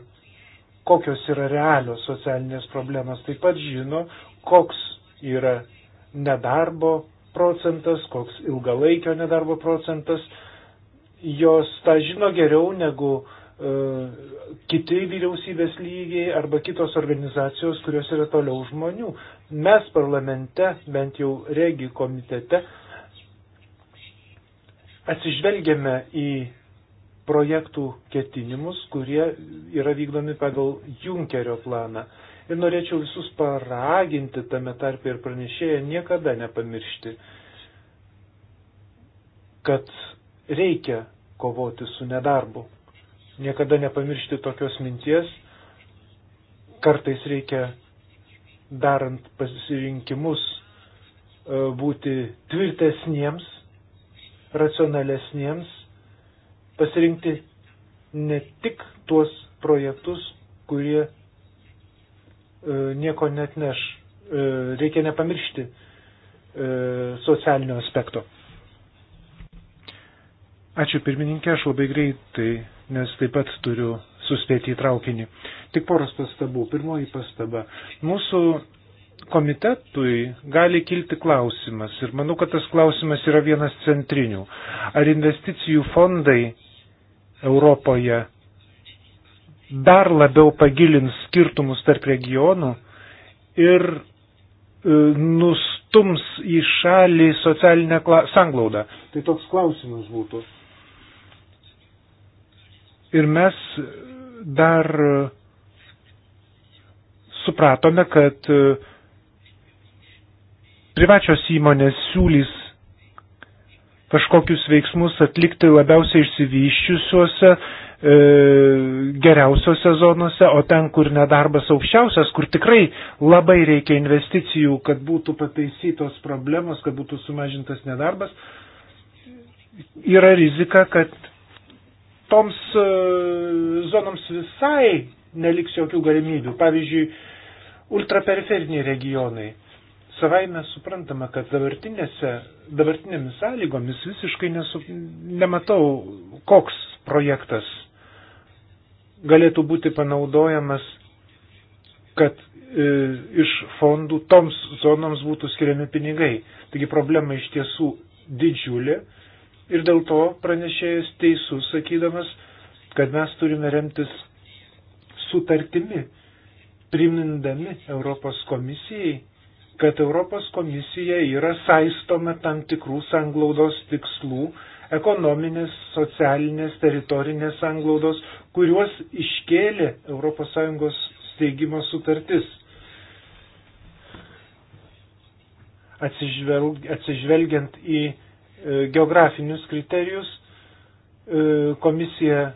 kokios yra realios socialinės problemas, taip pat žino, koks yra nedarbo procentas, koks ilgalaikio nedarbo procentas. Jos tą žino geriau negu e, kiti vyriausybės lygiai arba kitos organizacijos, kurios yra toliau žmonių. Mes parlamente, bent jau regi komitete, atsižvelgiame į projektų ketinimus, kurie yra vykdomi pagal Junkerio planą. Ir norėčiau visus paraginti tame tarpe ir pranešėją niekada nepamiršti, kad reikia kovoti su nedarbu. Niekada nepamiršti tokios minties. Kartais reikia, darant pasirinkimus, e, būti tvirtesniems, racionalesniems pasirinkti ne tik tuos projektus, kurie e, nieko net neš. E, reikia nepamiršti e, socialinio aspekto. Ačiū pirmininkė, aš labai greitai, nes taip pat turiu suspėti į traukinį. Tik poros pastabų. Pirmoji pastaba. Mūsų komitetui gali kilti klausimas ir manau, kad tas klausimas yra vienas centrinių. Ar investicijų fondai Europoje dar labiau pagilins skirtumus tarp regionų ir e, nustums į šalį socialinę sanglaudą. Tai toks klausimas būtų. Ir mes dar supratome, kad e, privačios įmonės siūlys kažkokius veiksmus atlikti labiausiai išsivyščiusiuose, e, geriausiuose zonuose, o ten, kur nedarbas aukščiausias, kur tikrai labai reikia investicijų, kad būtų pataisytos problemos, kad būtų sumažintas nedarbas, yra rizika, kad toms e, zonoms visai neliks jokių galimybių. Pavyzdžiui, ultraperiferiniai regionai Savai mes suprantame, kad dabartinėmis sąlygomis visiškai nesu, nematau, koks projektas galėtų būti panaudojamas, kad e, iš fondų toms zonoms būtų skiriami pinigai. Taigi problema iš tiesų didžiulė ir dėl to pranešėjas teisus sakydamas, kad mes turime remtis sutartimi, primindami Europos komisijai kad Europos komisija yra saistoma tam tikrų sanglaudos tikslų, ekonominės, socialinės, teritorinės sanglaudos, kuriuos iškėlė ES steigimo sutartis. Atsižvelgiant į e, geografinius kriterijus, e, komisija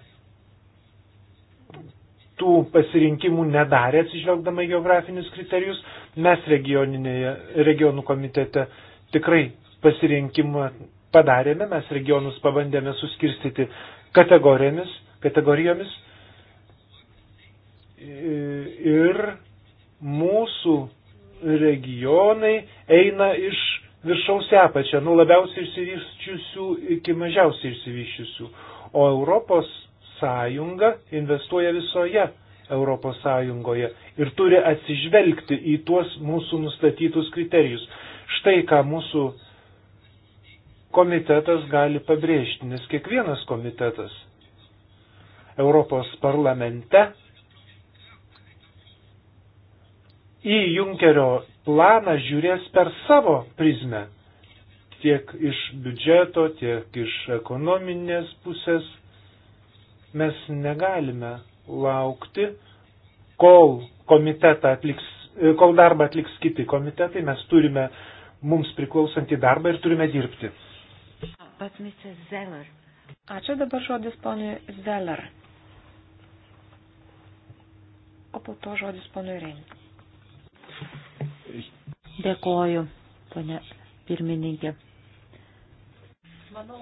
tų pasirinkimų nedarė atsižvelgdama geografinius kriterijus. Mes regionų komitete tikrai pasirinkimą padarėme, mes regionus pabandėme suskirstyti kategorijomis, kategorijomis ir mūsų regionai eina iš viršaus apačią, nuo labiausiai išsivyščiusių iki mažiausiai išsivyščiusių. O Europos sąjunga investuoja visoje Europos sąjungoje ir turi atsižvelgti į tuos mūsų nustatytus kriterijus. Štai ką mūsų komitetas gali pabrėžti, nes kiekvienas komitetas Europos parlamente į Junkerio planą žiūrės per savo prizmę, tiek iš biudžeto, tiek iš ekonominės pusės, Mes negalime laukti, kol komitetą atliks, e, kol darbą atliks kiti komitetai, mes turime mums priklausantį darbą ir turime dirbti. Ačiū dabar žodis ponui Zeller. O po to žodis ponui Renk. Dėkoju, ponė pirmininkė. Manau,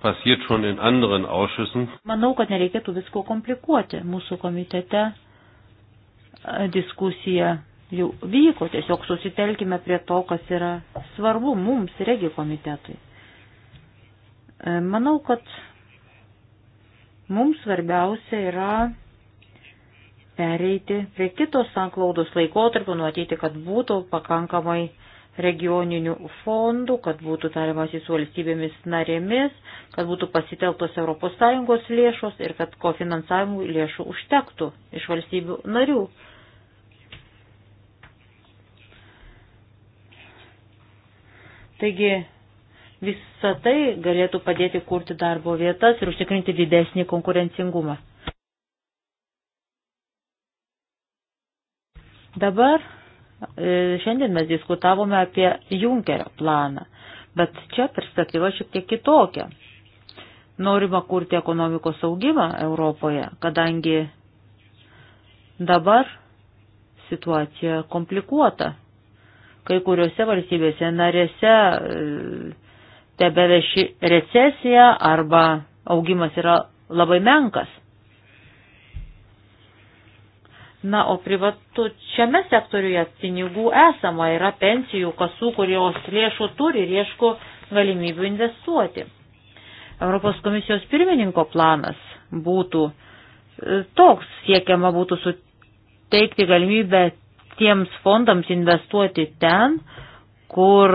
passiert schon in anderen Ausschüssen. Manau, kad nereikėtų visko komplikuoti. Mūsų komitete e, diskusija jau vyko, tiesiog susitelkime prie to, kas yra svarbu mums, regi komitetui. E, manau, kad mums svarbiausia yra pereiti prie kitos sanklaudos laikotarpio, nuotyti, kad būtų pakankamai regioninių fondų, kad būtų tariamasi su valstybėmis narėmis, kad būtų pasiteltos ES lėšos ir kad kofinansavimų lėšų užtektų iš valstybių narių. Taigi visą tai galėtų padėti kurti darbo vietas ir užtikrinti didesnį konkurencingumą. Dabar E, šiandien mes diskutavome apie Junkerio planą, bet čia perspektyva šiek tiek kitokia. Norima kurti ekonomikos augimą Europoje, kadangi dabar situacija komplikuota. Kai kuriuose valstybėse narėse e, tebeveši recesija arba augimas yra labai menkas. Na, o privatu šiame sektoriuje pinigų esama, yra pensijų kasų, kurios lėšų turi ir ieško galimybių investuoti. Europos komisijos pirmininko planas būtų e, toks, siekiama būtų suteikti galimybę tiems fondams investuoti ten, kur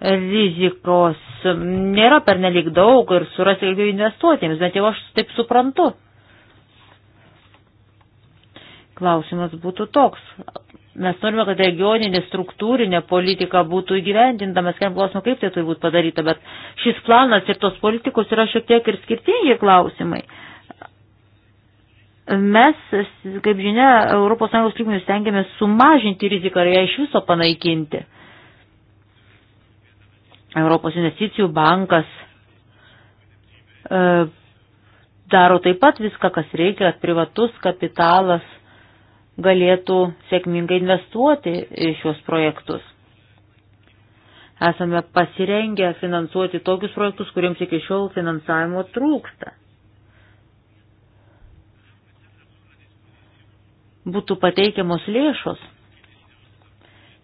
rizikos nėra pernelik daug ir surasti galimybių investuotėms, bet jau aš taip suprantu. Klausimas būtų toks. Mes norime, kad regioninė struktūrinė politika būtų įgyvendinta, mes keliam klausimą, kaip tai turi būti padaryta, bet šis planas ir tos politikos yra šiek tiek ir skirtingi klausimai. Mes, kaip žinia, ES lygmenių stengiamės sumažinti riziką ir ją iš viso panaikinti. Europos investicijų bankas e, daro taip pat viską, kas reikia, kad privatus kapitalas galėtų sėkmingai investuoti į šios projektus. Esame pasirengę finansuoti tokius projektus, kuriems iki šiol finansavimo trūksta. Būtų pateikiamos lėšos.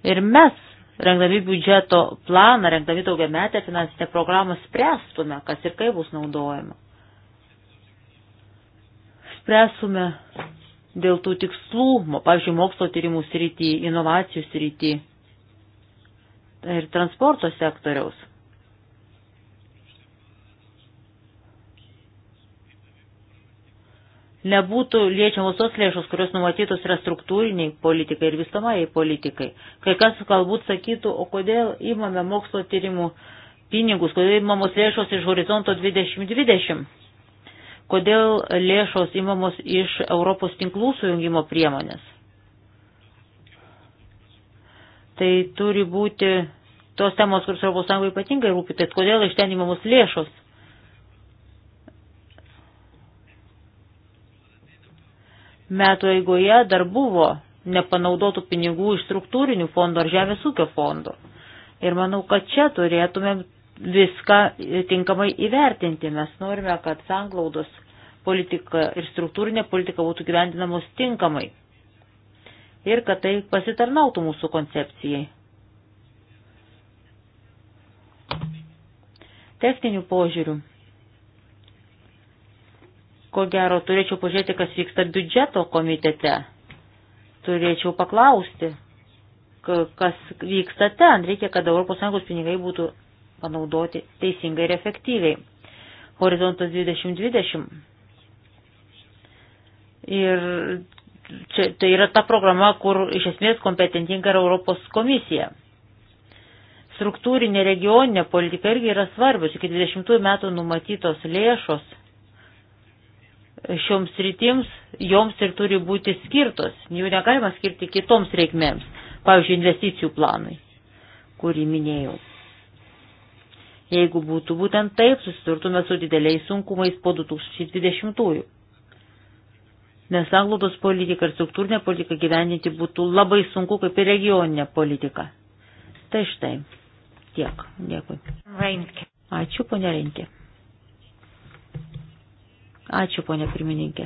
Ir mes rengdami biudžeto planą, rengdami daugia metę finansinę programą, spręstume, kas ir kaip bus naudojama. Spręstume dėl tų tikslų, pavyzdžiui, mokslo tyrimų srity, inovacijų srity ir transporto sektoriaus. nebūtų liečiamos tos lėšos, kurios numatytos yra struktūriniai politikai ir visomai politikai. Kai kas galbūt sakytų, o kodėl įmame mokslo tyrimų pinigus, kodėl įmamos lėšos iš horizonto 2020, kodėl lėšos įmamos iš Europos tinklų sujungimo priemonės. Tai turi būti tos temos, kurios Europos Sąjungoje ypatingai rūpi, tai kodėl iš ten įmamos lėšos metų eigoje dar buvo nepanaudotų pinigų iš struktūrinių fondų ar žemės ūkio fondų. Ir manau, kad čia turėtumėm viską tinkamai įvertinti. Mes norime, kad sanglaudos politika ir struktūrinė politika būtų gyvendinamos tinkamai. Ir kad tai pasitarnautų mūsų koncepcijai. Techninių požiūrių ko gero turėčiau pažiūrėti, kas vyksta biudžeto komitete. Turėčiau paklausti, kas vyksta ten. Reikia, kad ES pinigai būtų panaudoti teisingai ir efektyviai. Horizontas 2020. Ir čia, tai yra ta programa, kur iš esmės kompetentinga yra Europos komisija. Struktūrinė regioninė politika irgi yra svarbios. Iki 20 metų numatytos lėšos šioms rytims, joms ir turi būti skirtos, jų negalima skirti kitoms reikmėms, pavyzdžiui, investicijų planui, kurį minėjau. Jeigu būtų būtent taip, susidurtume su dideliais sunkumais po 2020-ųjų. Nes anglodos politika ir struktūrinė politika gyveninti būtų labai sunku, kaip ir regioninė politika. Tai štai tiek. Dėkui. Ačiū, ponia Rinkė. Ačiū, ponė pirmininkė.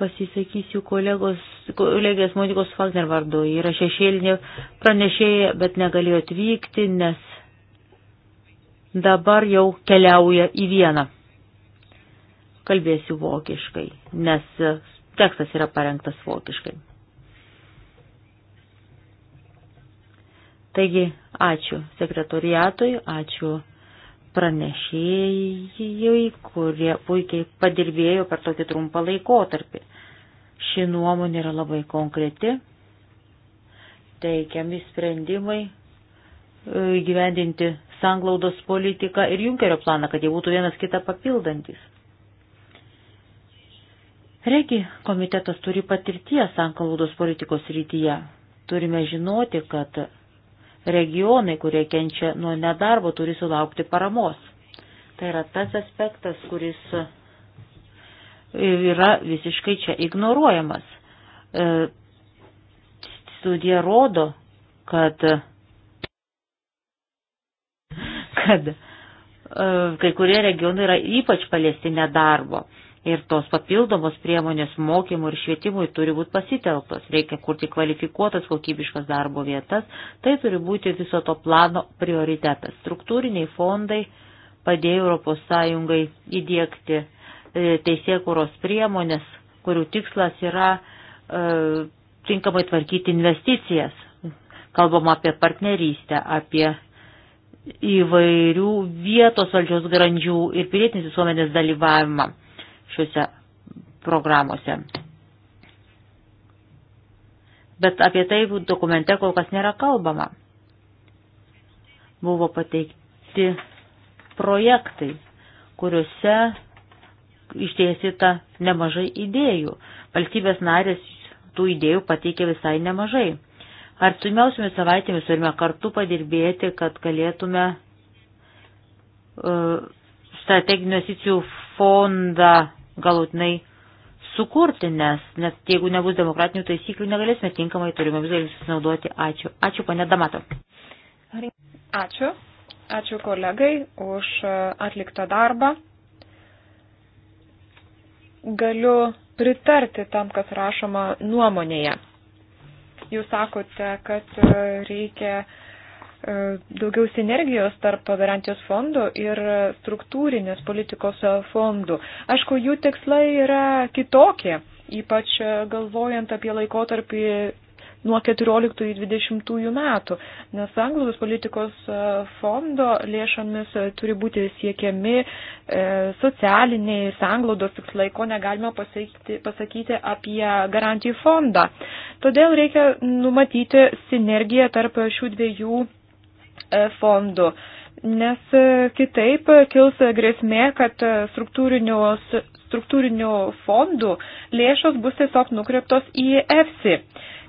Pasisakysiu kolegos, kolegės Monikos Fagner vardu. Ji yra šešėlinė pranešėja, bet negalėjo atvykti, nes dabar jau keliauja į vieną. Kalbėsiu vokiškai, nes tekstas yra parengtas vokiškai. Taigi, ačiū sekretoriatui, ačiū pranešėjai, kurie puikiai padirbėjo per tokį trumpą laikotarpį. Ši nuomonė yra labai konkreti, teikiami sprendimai e, gyvendinti sanglaudos politiką ir Junkerio planą, kad jie būtų vienas kitą papildantis. Regi komitetas turi patirties sanglaudos politikos rytyje. Turime žinoti, kad regionai, kurie kenčia nuo nedarbo, turi sulaukti paramos. Tai yra tas aspektas, kuris yra visiškai čia ignoruojamas. E, studija rodo, kad, kad e, kai kurie regionai yra ypač paliesti nedarbo. darbo ir tos papildomos priemonės mokymų ir švietimui turi būti pasitelktos. Reikia kurti kvalifikuotas, kokybiškas darbo vietas. Tai turi būti viso to plano prioritetas. Struktūriniai fondai padėjo ES įdėkti e, teisėkuros priemonės, kurių tikslas yra e, tinkamai tvarkyti investicijas. Kalbam apie partnerystę, apie įvairių vietos valdžios grandžių ir pilietinės visuomenės dalyvavimą šiuose programuose. Bet apie tai dokumente kol kas nėra kalbama. Buvo pateikti projektai, kuriuose išdėstyta nemažai idėjų. Valstybės narės tų idėjų pateikė visai nemažai. Artimiausiomis savaitėmis turime kartu padirbėti, kad galėtume e, strateginių investicijų fondą galutinai sukurti, nes net jeigu nebus demokratinių taisyklių, negalėsime tinkamai turimomis galimybėmis pasinaudoti. Ačiū. Ačiū, pane Damato. Ačiū. Ačiū kolegai už e, atliktą darbą. Galiu pritarti tam, kas rašoma nuomonėje. Jūs sakote, kad e, reikia uh, E, daugiau sinergijos tarp garantijos fondo ir struktūrinės politikos fondų. Aišku, jų tikslai yra kitokie, ypač galvojant apie laikotarpį nuo 14-20 metų, nes anglos politikos fondo lėšomis turi būti siekiami e, socialiniai sanglodos tikslai, ko negalima pasakyti, pasakyti apie garantijų fondą. Todėl reikia numatyti sinergiją tarp šių dviejų E, fondų, nes e, kitaip kils grėsmė, kad e, struktūrinių fondų lėšos bus tiesiog nukreiptos į EFSI.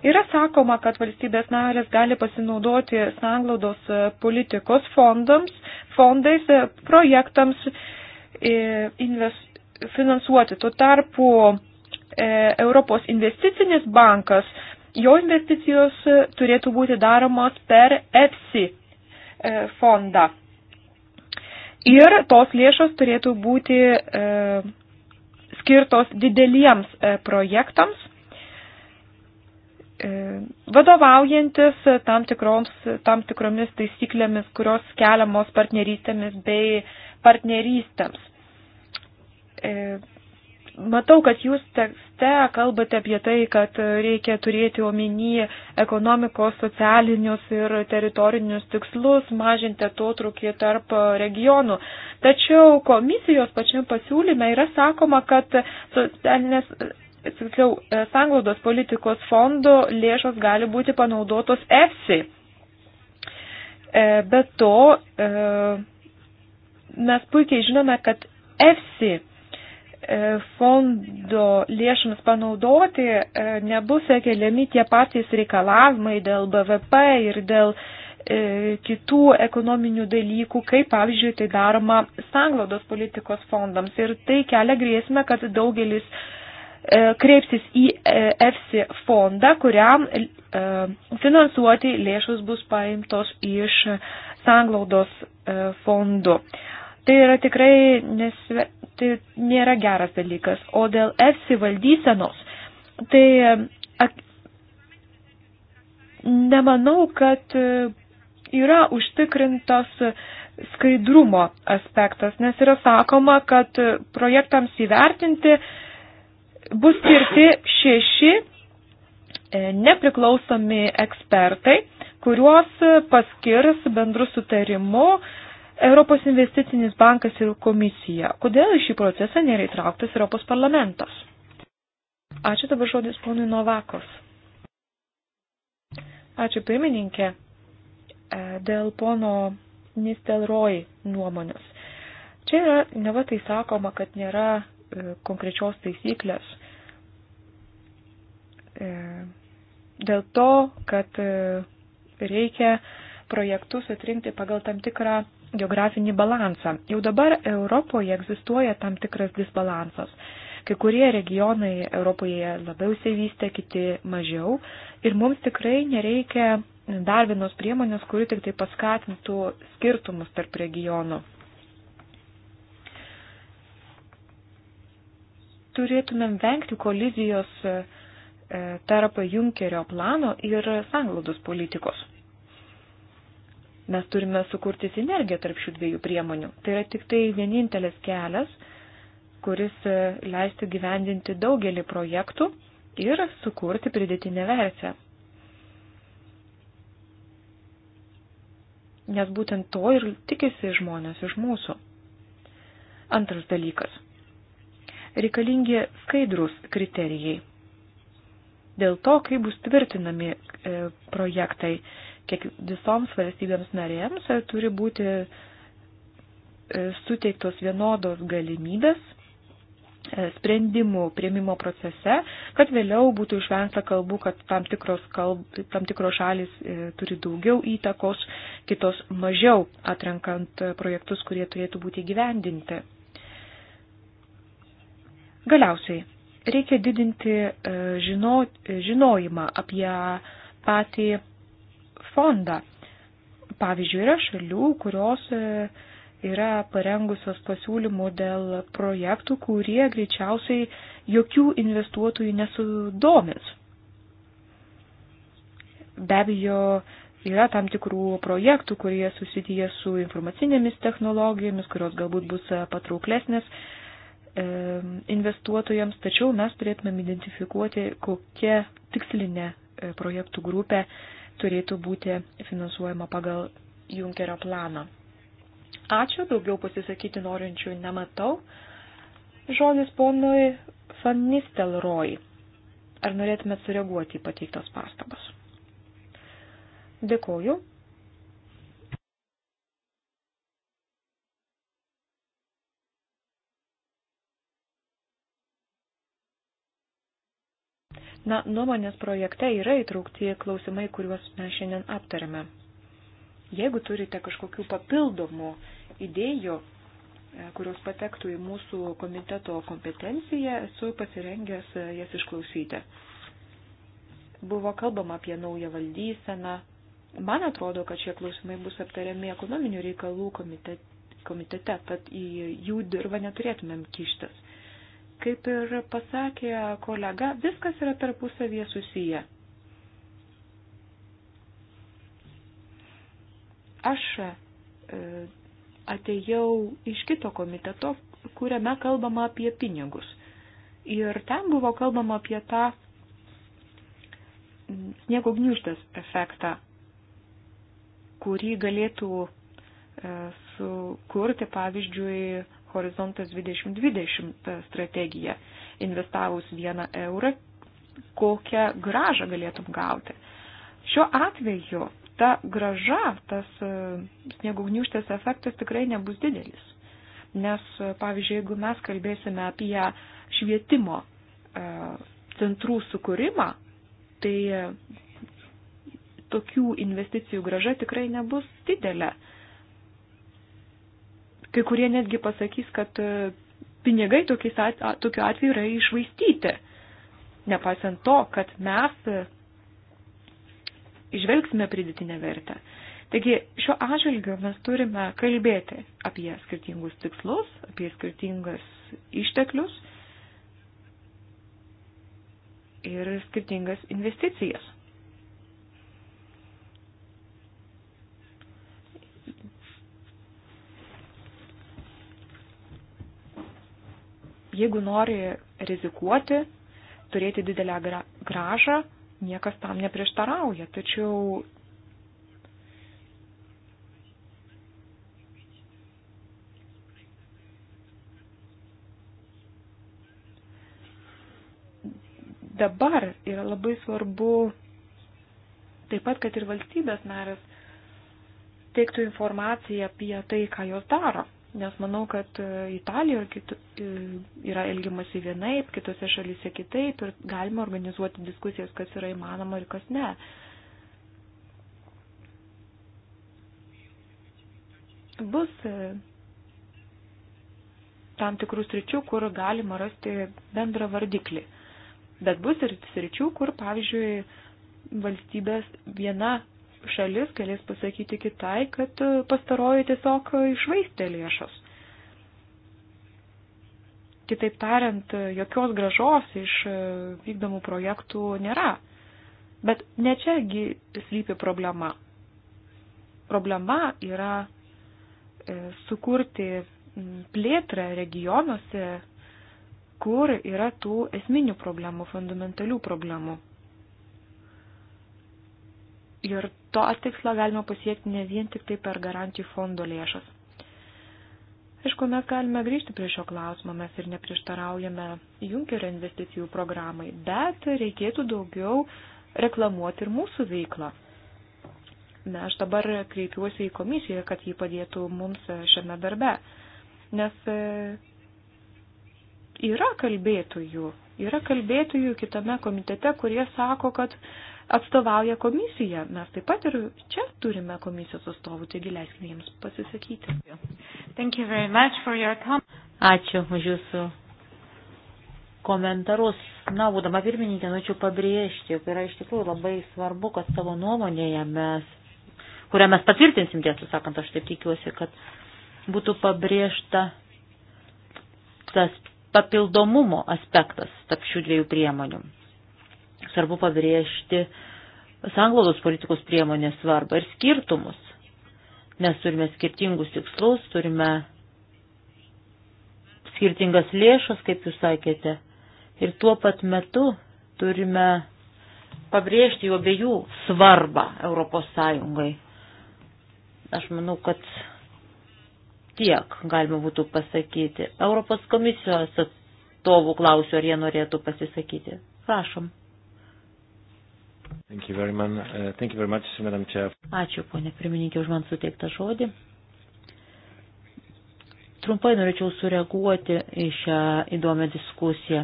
Yra sakoma, kad valstybės narės gali pasinaudoti sanglaudos politikos fondams, fondais, projektams invest, finansuoti. Tuo tarpu Europos investicinis bankas, jo investicijos turėtų būti daromos per EFSI E, fondą. Ir tos lėšos turėtų būti e, skirtos dideliems e, projektams, vadovaujantis tam, tikroms, tam tikromis taisyklėmis, kurios keliamos partnerystėmis bei partnerystėms. Matau, kad jūs Rašte kalbate apie tai, kad reikia turėti omeny ekonomikos, socialinius ir teritorinius tikslus, mažinti atotrukį tarp regionų. Tačiau komisijos pačiam pasiūlyme yra sakoma, kad socialinės tiksliau, sanglaudos politikos fondo lėšos gali būti panaudotos EFSI. E, be to, e, mes puikiai žinome, kad EFSI E, fondo lėšams panaudoti, e, nebus keliami tie patys reikalavimai dėl BVP ir dėl e, kitų ekonominių dalykų, kaip pavyzdžiui tai daroma sanglaudos politikos fondams. Ir tai kelia grėsmę, kad daugelis kreipsis į EFSI fondą, kuriam finansuoti lėšus bus paimtos iš sanglaudos fondų. Tai yra tikrai nesve, tai nėra geras dalykas. O dėl EFSI valdysenos, tai ak, nemanau, kad yra užtikrintas skaidrumo aspektas, nes yra sakoma, kad projektams įvertinti bus skirti šeši e, nepriklausomi ekspertai, kuriuos paskirs bendru sutarimu Europos investicinis bankas ir komisija. Kodėl į šį procesą nėra įtrauktas Europos parlamentas? Ačiū dabar žodis ponui Novakos. Ačiū pirmininkė e, dėl pono Nistelroj nuomonės. Čia yra, neva tai sakoma, kad nėra e, konkrečios taisyklės. E, dėl to, kad reikia projektus atrinkti pagal tam tikrą geografinį balansą. Jau dabar Europoje egzistuoja tam tikras disbalansas. Kai kurie regionai Europoje labiau įsivystę, kiti mažiau. Ir mums tikrai nereikia dar vienos priemonės, kuri tik tai paskatintų skirtumus tarp regionų. Turėtumėm vengti kolizijos e, tarp Junkerio plano ir sanglaudos politikos. Mes turime sukurti sinergiją tarp šių dviejų priemonių. Tai yra tik tai vienintelis kelias, kuris e, leistų gyvendinti daugelį projektų ir sukurti pridėtinę vertę. Nes būtent to ir tikisi žmonės iš mūsų. Antras dalykas. Reikalingi skaidrus kriterijai. Dėl to, kaip bus tvirtinami e, projektai, kiek visoms valstybėms narėms e, turi būti e, suteiktos vienodos galimybės e, sprendimų prieimimo procese, kad vėliau būtų išvengta kalbų, kad tam tikros, kalb, tam tikros šalis e, turi daugiau įtakos, kitos mažiau, atrenkant projektus, kurie turėtų būti gyvendinti. Galiausiai, reikia didinti e, žino, žinojimą apie patį fondą. Pavyzdžiui, yra šalių, kurios e, yra parengusios pasiūlymų dėl projektų, kurie greičiausiai jokių investuotojų nesudomins. Be abejo, yra tam tikrų projektų, kurie susityje su informacinėmis technologijomis, kurios galbūt bus e, patrauklesnės e, investuotojams, tačiau mes turėtumėm identifikuoti, kokia tikslinė projektų grupė turėtų būti finansuojama pagal Junkerio planą. Ačiū, daugiau pasisakyti norinčių nematau. Žodis ponui Van Nistelrooy. Ar norėtumėt sureaguoti į pateiktas pastabas? Dėkoju. Na, nuomonės projekte yra įtraukti klausimai, kuriuos mes šiandien aptarėme. Jeigu turite kažkokių papildomų idėjų, e, kurios patektų į mūsų komiteto kompetenciją, esu pasirengęs e, jas išklausyti. Buvo kalbama apie naują valdyseną. Man atrodo, kad šie klausimai bus aptariami ekonominių reikalų komitete, komitete tad į jų dirbą neturėtumėm kištis. Kaip ir pasakė kolega, viskas yra tarpusavyje susiję. Aš e, atėjau iš kito komiteto, kuriame kalbama apie pinigus. Ir ten buvo kalbama apie tą sniego gniuždės efektą, kurį galėtų e, sukurti, pavyzdžiui, Horizontas 2020 strategiją. Investavus vieną eurą, kokią gražą galėtum gauti. Šiuo atveju ta graža, tas e, sniegugniuštės efektas tikrai nebus didelis. Nes, e, pavyzdžiui, jeigu mes kalbėsime apie švietimo e, centrų sukūrimą, tai tokių investicijų graža tikrai nebus didelė. Kai kurie netgi pasakys, kad e, pinigai at, tokiu atveju yra išvaistyti. Nepaisant to, kad mes e, išvelgsime pridėtinę vertę. Taigi šiuo atžvilgiu mes turime kalbėti apie skirtingus tikslus, apie skirtingas išteklius ir skirtingas investicijas. Jeigu nori rizikuoti, turėti didelę gražą, niekas tam neprieštarauja. Tačiau dabar yra labai svarbu taip pat, kad ir valstybės narės teiktų informaciją apie tai, ką jos daro. Nes manau, kad e, Italijoje kitu, e, yra elgiamasi vienaip, kitose šalyse kitaip ir galima organizuoti diskusijas, kas yra įmanoma ir kas ne. Bus e, tam tikrų sričių, kur galima rasti bendrą vardiklį. Bet bus ir sričių, kur, pavyzdžiui, valstybės viena šalis galės pasakyti kitai, kad e, pastaroji tiesiog e, išvaistė lėšas. Kitaip tariant, e, jokios gražos iš vykdomų projektų nėra. Bet ne čiagi slypi problema. Problema yra sukurti plėtrą regionuose, kur yra tų esminių problemų, fundamentalių problemų. Ir to tikslą galima pasiekti ne vien tik tai per garantijų fondo lėšas. Aišku, mes galime grįžti prie šio klausimo, mes ir neprieštaraujame Junkerio investicijų programai, bet reikėtų daugiau reklamuoti ir mūsų veiklą. Na, aš dabar kreipiuosi į komisiją, kad jį padėtų mums šiame darbe, nes e, yra kalbėtojų, yra kalbėtojų kitame komitete, kurie sako, kad atstovauja komisija. Mes taip pat ir čia turime komisijos atstovų, taigi leiskime jiems pasisakyti. Ačiū už jūsų komentarus. Na, būdama pirmininkė, norėčiau pabrėžti, jog yra iš tikrųjų labai svarbu, kad savo nuomonėje mes, kurią mes patvirtinsim, tiesą sakant, aš taip tikiuosi, kad būtų pabrėžta tas papildomumo aspektas tarp šių dviejų priemonių. Svarbu pabrėžti sanglaudos politikos priemonės svarbą ir skirtumus. Mes turime skirtingus tikslus, turime skirtingas lėšas, kaip jūs sakėte, ir tuo pat metu turime pabrėžti jų abiejų svarbą Europos Sąjungai. Aš manau, kad tiek galima būtų pasakyti. Europos komisijos atstovų klausiu, ar jie norėtų pasisakyti. Prašom. Much, uh, Ačiū, ponė pirmininkė, už man suteiktą žodį. Trumpai norėčiau sureaguoti į šią įdomią diskusiją.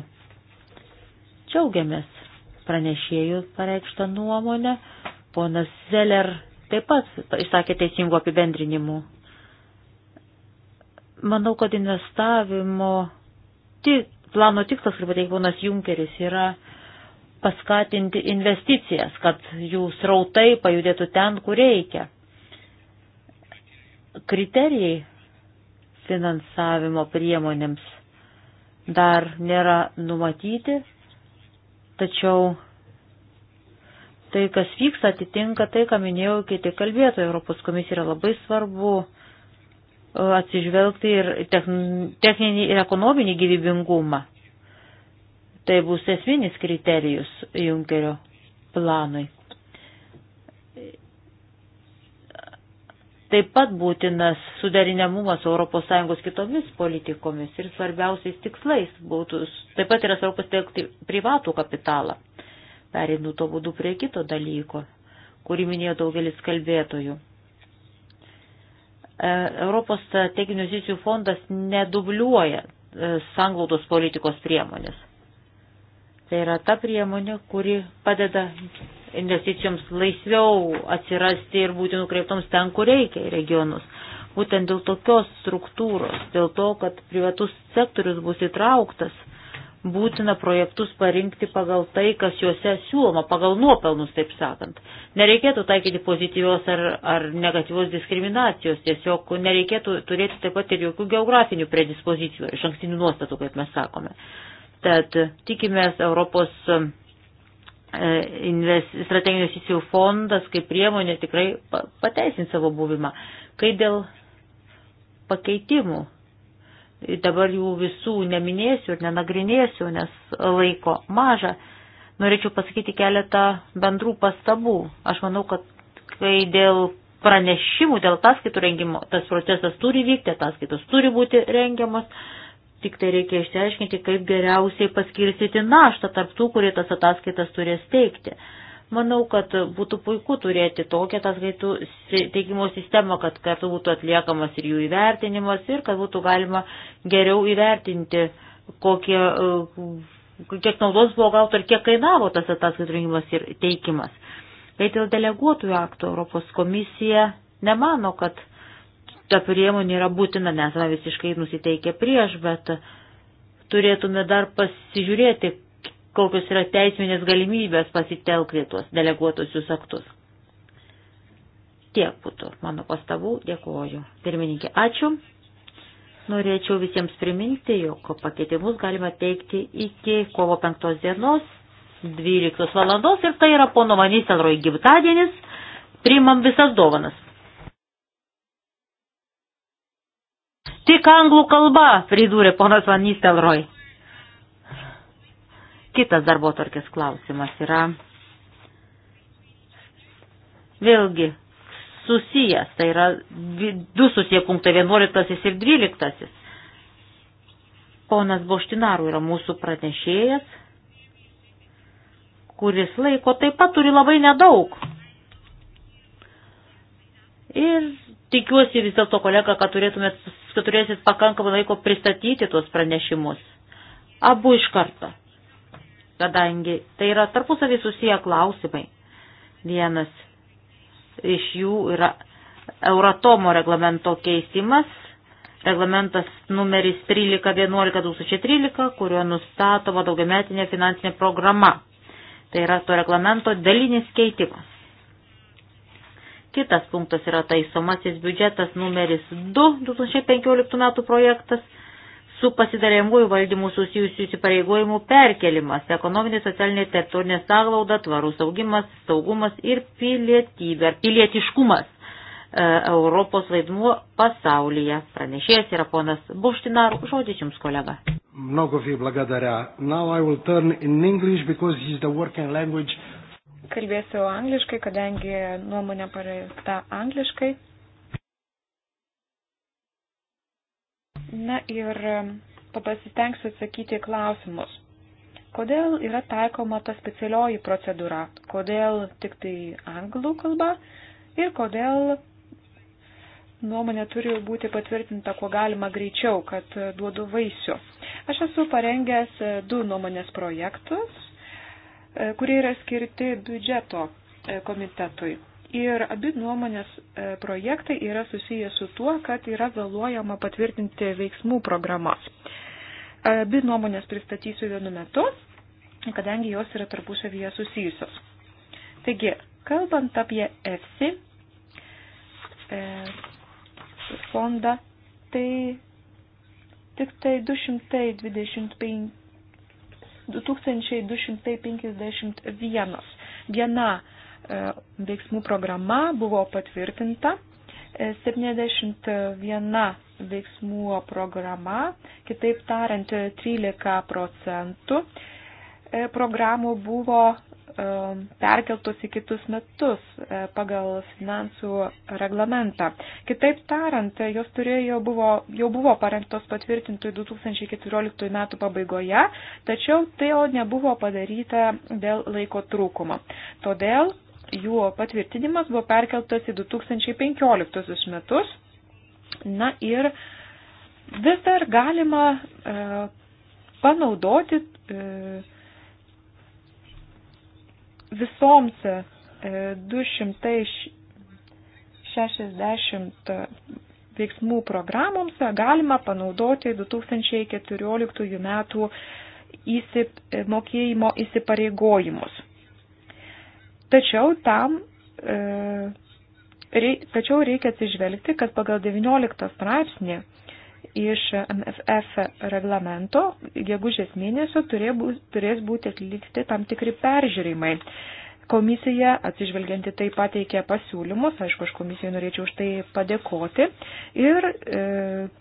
Džiaugiamės pranešėjų pareikštą nuomonę. Ponas Zeller taip pat išsakė teisingų apibendrinimų. Manau, kad investavimo tik, plano tikslas, kaip pateikė ponas Junkeris, yra paskatinti investicijas, kad jų srautai pajudėtų ten, kur reikia. Kriterijai finansavimo priemonėms dar nėra numatyti, tačiau tai, kas vyksta, atitinka tai, ką minėjau kiti kalbėtojai. Europos komisija yra labai svarbu e, atsižvelgti ir techninį ir ekonominį gyvybingumą. Tai bus esminis kriterijus Junkerio planui. Taip pat būtinas suderinamumas ES kitomis politikomis ir svarbiausiais tikslais būtų, taip pat yra svarbu pasitelkti privatų kapitalą. Perinu to būdu prie kito dalyko, kurį minėjo daugelis kalbėtojų. E, Europos strateginių zysių fondas nedubliuoja e, sanglaudos politikos priemonės. Tai yra ta priemonė, kuri padeda investicijoms laisviau atsirasti ir būti nukreiptoms ten, kur reikia, į regionus. Būtent dėl tokios struktūros, dėl to, kad privatus sektorius bus įtrauktas, būtina projektus parinkti pagal tai, kas juose siūloma, pagal nuopelnus, taip sakant. Nereikėtų taikyti pozityvios ar, ar negatyvios diskriminacijos, tiesiog nereikėtų turėti taip pat ir jokių geografinių predispozicijų ar iš ankstinių nuostatų, kaip mes sakome. Tad tikimės Europos e, strateginių investicijų fondas kaip priemonė tikrai pateisins savo buvimą. Kai dėl pakeitimų, dabar jų visų neminėsiu ir nenagrinėsiu, nes laiko maža, norėčiau pasakyti keletą bendrų pastabų. Aš manau, kad kai dėl pranešimų, dėl ataskaitų rengimo, tas procesas turi vykti, ataskaitos turi būti rengiamos Tik tai reikia išsiaiškinti, kaip geriausiai paskirstyti naštą tarp tų, kurie tas ataskaitas turės teikti. Manau, kad būtų puiku turėti tokią ataskaitų teikimo sistemą, kad kartu būtų atliekamas ir jų įvertinimas ir kad būtų galima geriau įvertinti, kokie, e, kiek naudos buvo gauta ir kiek kainavo tas ataskaitų rinkimas ir teikimas. Kai dėl deleguotojų aktų Europos komisija nemano, kad ta priemonė yra būtina, nesame visiškai nusiteikę prieš, bet turėtume dar pasižiūrėti, kokios yra teisminės galimybės pasitelkti tuos deleguotusius aktus. Tiek būtų mano pastabų, dėkuoju. Pirmininkė, ačiū. Norėčiau visiems priminti, jog pakeitimus galima teikti iki kovo 5 dienos 12 valandos ir tai yra pono Vanys Elroj gimtadienis. Priimam visas dovanas. Tik anglų kalba, pridūrė ponas Van Nistelroj. Kitas darbo tarkės klausimas yra vėlgi susijęs, tai yra du susiję punktai 11 ir 12. Ponas Boštinarų yra mūsų pranešėjas, kuris laiko taip pat turi labai nedaug Ir tikiuosi vis dėlto, kolega, kad, turėtumėt, kad turėsit pakankamai laiko pristatyti tuos pranešimus. Abu iš karto. Kadangi tai yra tarpusavį susiję klausimai. Vienas iš jų yra Euratomo reglamento keisimas, reglamentas numeris 1311-2013, kuriuo nustatoma daugiametinė finansinė programa. Tai yra to reglamento dalinis keitimas. Kitas punktas yra taisomasis biudžetas numeris 2 2015 metų projektas su pasidalėmųjų valdymų susijusių įsipareigojimų perkelimas, ekonominė, socialinė, teritorinė sąglauda, tvarus augimas, saugumas ir pilietybė, pilietiškumas. E, Europos vaidmuo pasaulyje. Pranešėjas yra ponas Buštinar, žodis jums kolega. Mnogo vi blagadara. Now I will turn in English because is the working language Kalbėsiu angliškai, kadangi nuomonė pareista angliškai. Na ir pasistengsiu atsakyti klausimus. Kodėl yra taikoma ta specialioji procedūra? Kodėl tik tai anglų kalba? Ir kodėl nuomonė turi būti patvirtinta, kuo galima greičiau, kad duodu vaisių. Aš esu parengęs du nuomonės projektus E, kurie yra skirti biudžeto e, komitetui. Ir abi nuomonės e, projektai yra susiję su tuo, kad yra vėluojama patvirtinti veiksmų programas. Abi nuomonės pristatysiu vienu metu, kadangi jos yra tarpusavyje susijusios. Taigi, kalbant apie EFSI fondą, tai tik tai 225 2251. Viena e, veiksmų programa buvo patvirtinta, 71 e, veiksmų programa, kitaip tariant, 13 procentų e, programų buvo Um, perkeltos į kitus metus e, pagal finansų reglamentą. Kitaip tariant, e, jos turėjo buvo, jau buvo parengtos patvirtintų 2014 metų pabaigoje, tačiau tai jau nebuvo padaryta dėl laiko trūkumo. Todėl jų patvirtinimas buvo perkeltas į 2015 metus. Na ir vis dar galima e, panaudoti e, visoms 260 e, veiksmų programoms galima panaudoti 2014 metų įsip, mokėjimo įsipareigojimus. Tačiau tam e, rei, tačiau reikia atsižvelgti, kad pagal 19 straipsnį iš MFF reglamento gegužės mėnesio turės būti atlikti tam tikri peržiūrimai. Komisija, atsižvelgianti tai, pateikė pasiūlymus, aišku, aš komisijai norėčiau už tai padėkoti, ir e,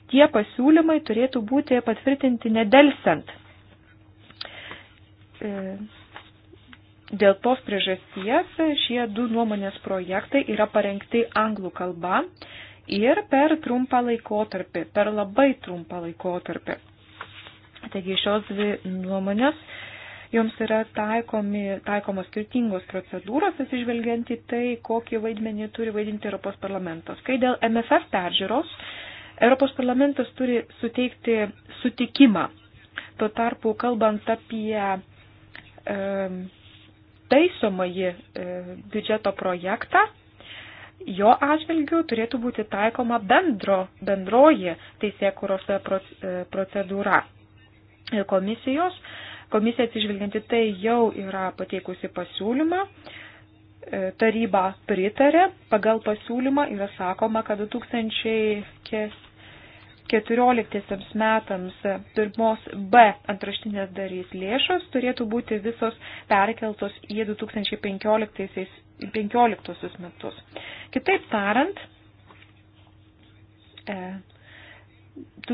tie pasiūlymai turėtų būti patvirtinti nedelsant. E, Dėl tos priežasties šie du nuomonės projektai yra parengti anglų kalba ir per trumpą laikotarpį, per labai trumpą laikotarpį. Taigi šios dvi nuomonės joms yra taikomi, taikomos skirtingos procedūros, atsižvelgiant į tai, kokį vaidmenį turi vaidinti Europos parlamentas. Kai dėl MFF peržiūros, Europos parlamentas turi suteikti sutikimą. Tuo tarpu, kalbant apie e, taisomąjį e, biudžeto projektą, jo atžvilgių turėtų būti taikoma bendro, bendroji teisėkuros e, e, procedūra. E, komisijos, komisija atsižvelgianti tai jau yra pateikusi pasiūlymą, taryba pritarė, pagal pasiūlymą yra sakoma, kad 2014 metams pirmos B antraštinės darys lėšos turėtų būti visos perkeltos į 2015 15 metus. Kitaip tariant,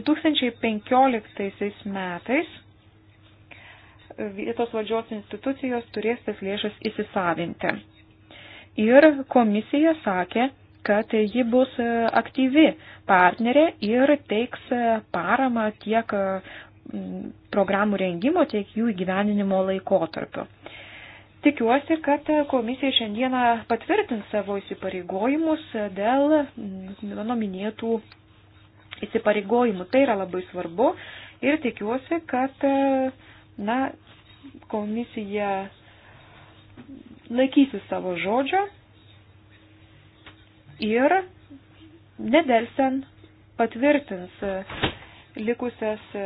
2015 e, metais vietos valdžios institucijos turės tas lėšas įsisavinti. Ir komisija sakė, kad ji bus e, aktyvi partnerė ir teiks e, paramą tiek programų rengimo, tiek jų įgyveninimo laikotarpiu. Tikiuosi, kad komisija šiandieną patvirtins savo įsipareigojimus dėl mm, mano minėtų įsipareigojimų. Tai yra labai svarbu ir tikiuosi, kad na, komisija laikysi savo žodžio ir nedelsen patvirtins likusias e,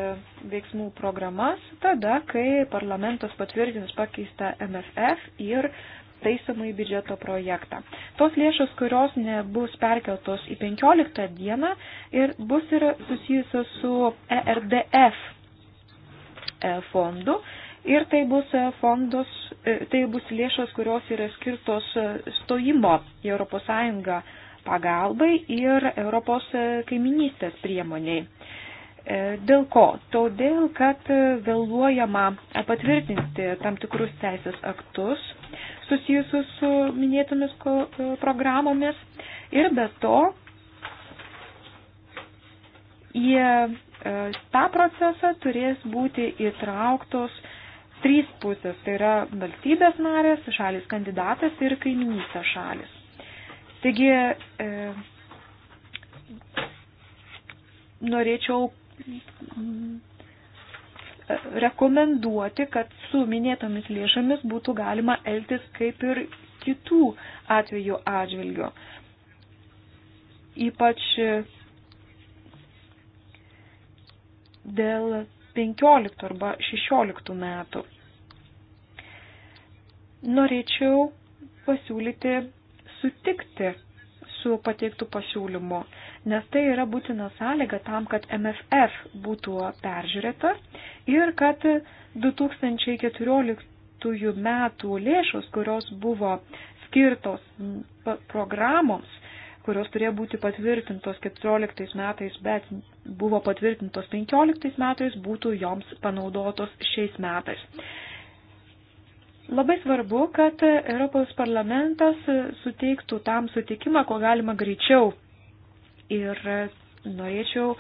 veiksmų programas tada, kai parlamentas patvirtins pakeistą MFF ir taisomai biudžeto projektą. Tos lėšos, kurios nebus perkeltos į 15 dieną ir bus yra susijusios su ERDF e, fondu, ir tai bus e, fondos, tai bus lėšos, kurios yra skirtos stojimo į ES pagalbai ir Europos kaiminystės priemoniai. E, dėl ko? Todėl, kad vėluojama patvirtinti tam tikrus teisės aktus susijusius su minėtomis e, programomis ir be to į e, tą procesą turės būti įtrauktos trys pusės, tai yra valstybės narės, šalis kandidatas ir kaiminystės šalis. Taigi, e, norėčiau rekomenduoti, kad su minėtomis lėšomis būtų galima elgtis kaip ir kitų atvejų atžvilgių. Ypač dėl 15 arba 16 metų. Norėčiau pasiūlyti sutikti su pateiktų pasiūlymu, nes tai yra būtina sąlyga tam, kad MFF būtų peržiūrėta ir kad 2014 metų lėšos, kurios buvo skirtos programoms, kurios turėjo būti patvirtintos 14 metais, bet buvo patvirtintos 15 metais, būtų joms panaudotos šiais metais. Labai svarbu, kad Europos parlamentas suteiktų tam sutikimą, ko galima greičiau Ir norėčiau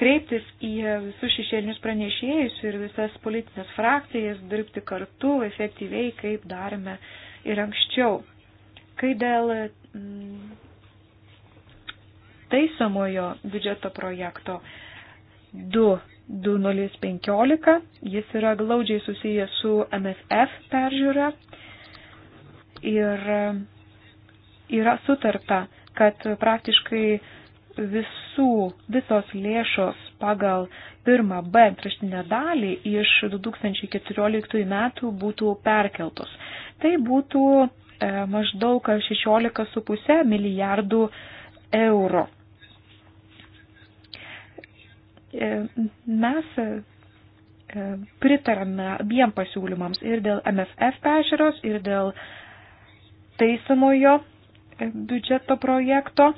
kreiptis į visus šešėlinius pranešėjus ir visas politinės frakcijas dirbti kartu efektyviai, kaip darėme ir anksčiau. Kai dėl mm, taisomojo biudžeto projekto 2 2015. Jis yra glaudžiai susijęs su MFF peržiūra ir e, yra sutarta, kad praktiškai visų, visos lėšos pagal pirmą B antraštinę dalį iš 2014 metų būtų perkeltos. Tai būtų e, maždaug 16,5 milijardų eurų. E, mes e, pritarame abiem pasiūlymams ir dėl MFF pežiūros, ir dėl taisamojo e, biudžeto projekto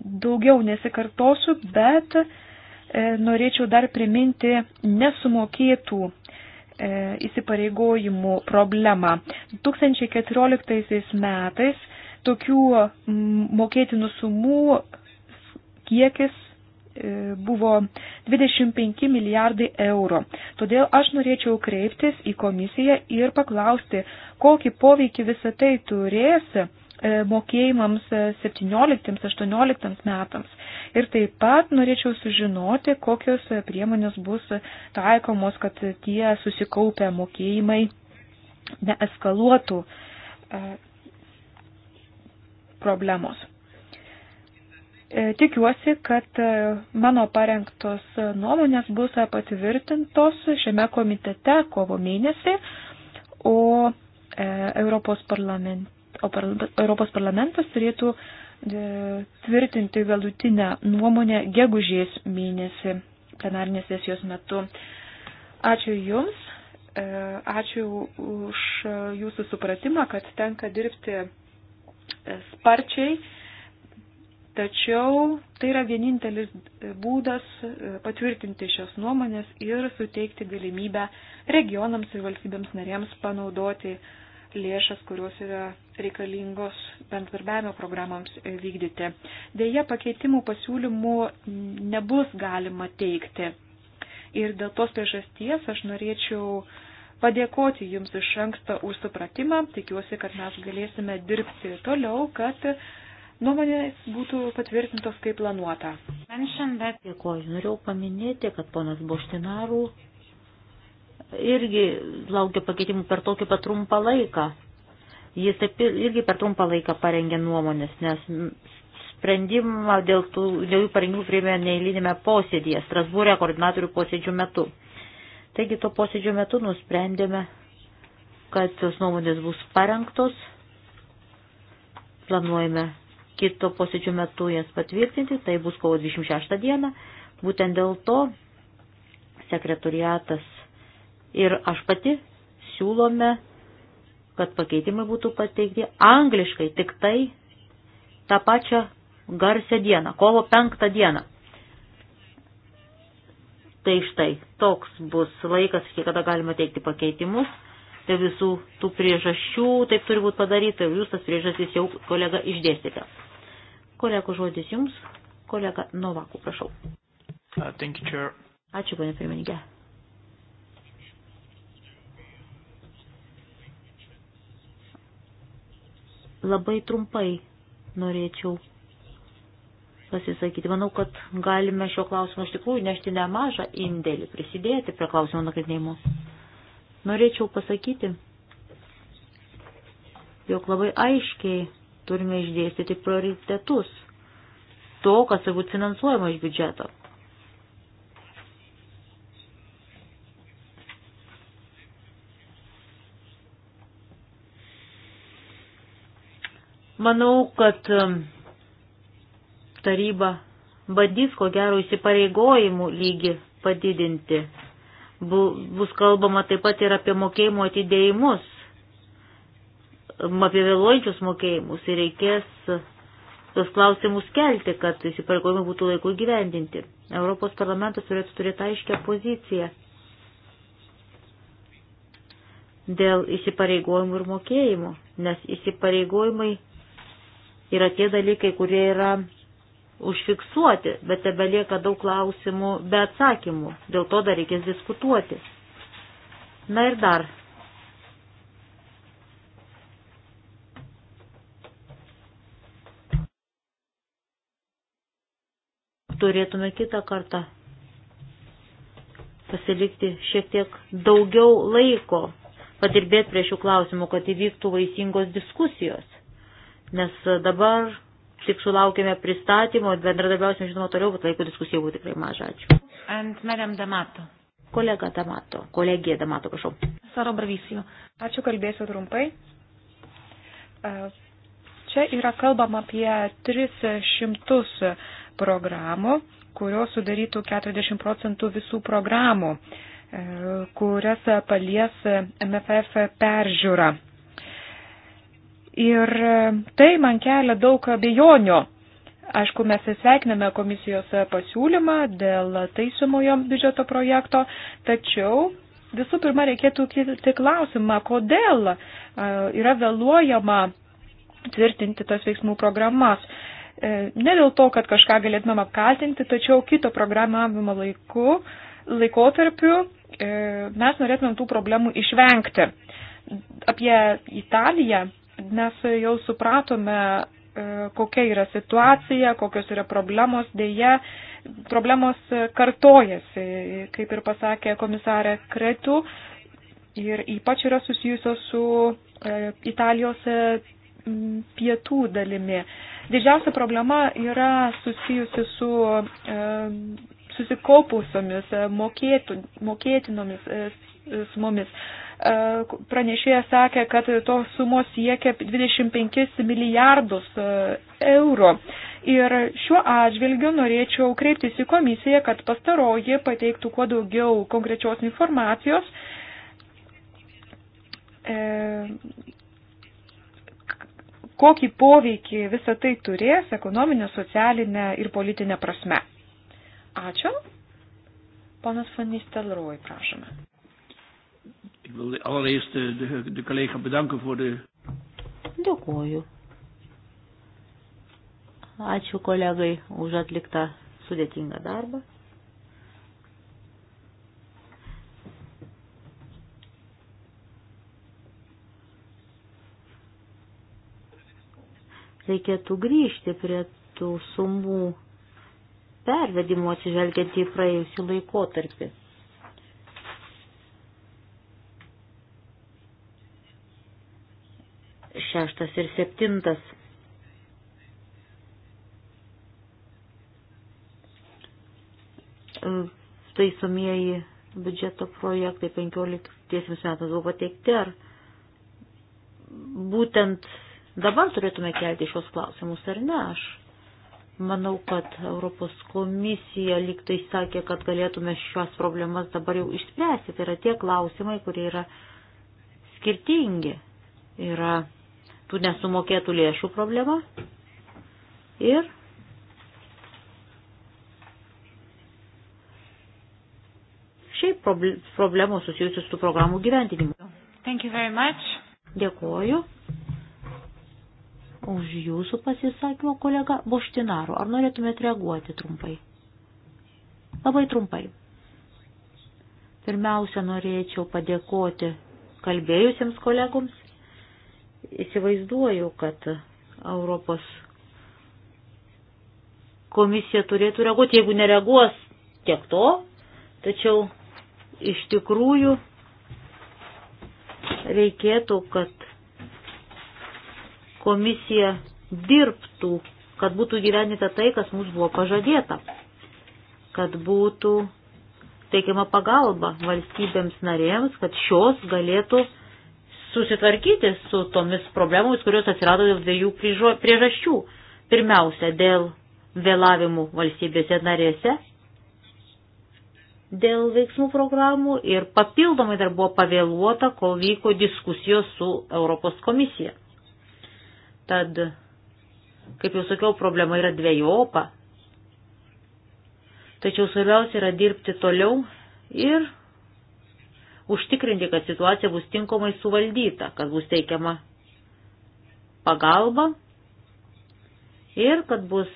daugiau nesikartosiu, bet e, norėčiau dar priminti nesumokėtų e, įsipareigojimų problemą. 2014 metais tokių mokėtinų sumų kiekis e, buvo 25 milijardai eurų. Todėl aš norėčiau kreiptis į komisiją ir paklausti, kokį poveikį visą tai turės E, mokėjimams 17-18 e, metams. Ir taip pat norėčiau sužinoti, kokios e, priemonės bus taikomos, kad tie susikaupę mokėjimai neeskaluotų problemos. Tikiuosi, kad mano parengtos nuomonės bus patvirtintos šiame komitete kovo mėnesį, o Europos parlamente Europos parlamentas turėtų e, tvirtinti galutinę nuomonę gegužės mėnesį plenarinės sesijos metu. Ačiū Jums, e, ačiū už Jūsų supratimą, kad tenka dirbti e, sparčiai, tačiau tai yra vienintelis būdas patvirtinti šios nuomonės ir suteikti galimybę regionams ir valstybėms narėms panaudoti uh, lėšas, kurios yra reikalingos bendradarbiavimo programams e, vykdyti. Deja, pakeitimų pasiūlymų nebus galima teikti. Ir dėl tos priežasties aš norėčiau padėkoti Jums iš anksto už supratimą. Tikiuosi, kad mes galėsime dirbti toliau, kad nuomonės būtų patvirtintos kaip planuota. Dėkoju, norėjau paminėti, kad ponas Boštinarų irgi laukia pakeitimų per tokį patrumpą laiką. Jis taip irgi per trumpą laiką parengė nuomonės, nes sprendimą dėl, tų, dėl jų parengimų priėmė neįlynėme posėdėje, Strasbūrė koordinatorių posėdžių metu. Taigi to posėdžio metu nusprendėme, kad tos nuomonės bus parengtos, planuojame kito posėdžio metu jas patvirtinti, tai bus kovo 26 diena. Būtent dėl to sekretoriatas ir aš pati siūlome, kad pakeitimai būtų pateikti angliškai tik tai tą pačią garsią dieną, kovo penktą dieną. Tai štai toks bus laikas, iki kada galima teikti pakeitimus. Tai visų tų priežasčių taip turi būti padaryta ir jūs tas priežastis jau kolega išdėstėte. Kolegų žodis jums, kolega Novakų, prašau. Uh, Ačiū, ponė pirmininkė. Labai trumpai norėčiau pasisakyti. Manau, kad galime šio klausimo iš tikrųjų nešti nemažą indėlį, prisidėti prie klausimo nagrinėjimo. Norėčiau pasakyti, jog labai aiškiai turime išdėstyti prioritetus to, kas turbūt finansuojama iš biudžeto. Manau, kad um, taryba badys, ko gero, įsipareigojimų lygį padidinti. Bus kalbama taip pat ir apie mokėjimo atidėjimus, um, apie vėluojančius mokėjimus ir reikės uh, tos klausimus kelti, kad įsipareigojimai būtų laiku gyvendinti. Europos parlamentas turėtų turėti aiškę poziciją dėl įsipareigojimų ir mokėjimų, nes įsipareigojimai yra tie dalykai, kurie yra užfiksuoti, bet tebe lieka daug klausimų be atsakymų. Dėl to dar reikės diskutuoti. Na ir dar. Turėtume kitą kartą pasilikti šiek tiek daugiau laiko padirbėti prie šių klausimų, kad įvyktų vaisingos diskusijos nes dabar tik sulaukėme pristatymo, bendradarbiausime žinoma toliau, bet laiko diskusija buvo tikrai maža. Ačiū. Ant Meriam Damato. Kolega Damato, kolegija Damato, prašau. Saro Bravisijo. Ačiū, kalbėsiu trumpai. Čia yra kalbama apie 300 programų, kurios sudarytų 40 procentų visų programų, e, kurias palies MFF peržiūra Ir e, tai man kelia daug abejonių. Aišku, mes sveikiname komisijos pasiūlymą dėl taisomojo biudžeto projekto, tačiau visų pirma reikėtų kilti klausimą, kodėl e, yra vėluojama tvirtinti tas veiksmų programas. E, ne dėl to, kad kažką galėtumėm apkaltinti, tačiau kito programavimo laiku, laikotarpiu mes norėtumėm tų problemų išvengti. Apie Italiją mes jau supratome, e, kokia yra situacija, kokios yra problemos, dėja, problemos kartojasi, kaip ir pasakė komisarė Kretų, ir ypač yra susijusios su e, Italijos e, pietų dalimi. Didžiausia problema yra susijusi su susikaupusiomis, mokėtų, mokėtinomis sumomis pranešėjas sakė, kad tos sumos siekia 25 milijardus e, eurų. Ir šiuo atžvilgiu norėčiau kreiptis į komisiją, kad pastaroji pateiktų kuo daugiau konkrečios informacijos, e, kokį poveikį visą tai turės ekonominė, socialinė ir politinė prasme. Ačiū. Ponas Fanistelroj, prašome. Ik wil allereerst de, eh, de, de collega bedanken voor de. Dėkuoju. Ačiū kolegai už atliktą sudėtingą darbą. Reikėtų grįžti prie tų sumų pervedimo atsižvelgiant į praėjusį laikotarpį. šeštas ir septintas. Taisomieji biudžeto projektai 15 metams buvo pateikti, ar būtent dabar turėtume kelti šios klausimus, ar ne? Aš manau, kad Europos komisija liktai sakė, kad galėtume šios problemas dabar jau išspręsti. Tai yra tie klausimai, kurie yra skirtingi. Yra tų nesumokėtų lėšų problema ir šiaip problemų susijusių su programų gyventinimu. Thank you very much. Dėkuoju už jūsų pasisakymą, kolega Boštinaru. Ar norėtumėte reaguoti trumpai? Labai trumpai. Pirmiausia, norėčiau padėkoti kalbėjusiems kolegoms įsivaizduoju, kad Europos komisija turėtų reaguoti, jeigu nereaguos tiek to, tačiau iš tikrųjų reikėtų, kad komisija dirbtų, kad būtų gyvenita tai, kas mums buvo pažadėta, kad būtų teikiama pagalba valstybėms narėms, kad šios galėtų susitvarkyti su tomis problemomis, kurios atsirado dėl dviejų priežasčių. Pirmiausia, dėl vėlavimų valstybėse narėse, dėl veiksmų programų ir papildomai dar buvo pavėluota, kol vyko diskusijos su Europos komisija. Tad, kaip jau sakiau, problema yra dviejopa. Tačiau svarbiausia yra dirbti toliau ir užtikrinti, kad situacija bus tinkamai suvaldyta, kad bus teikiama pagalba ir kad bus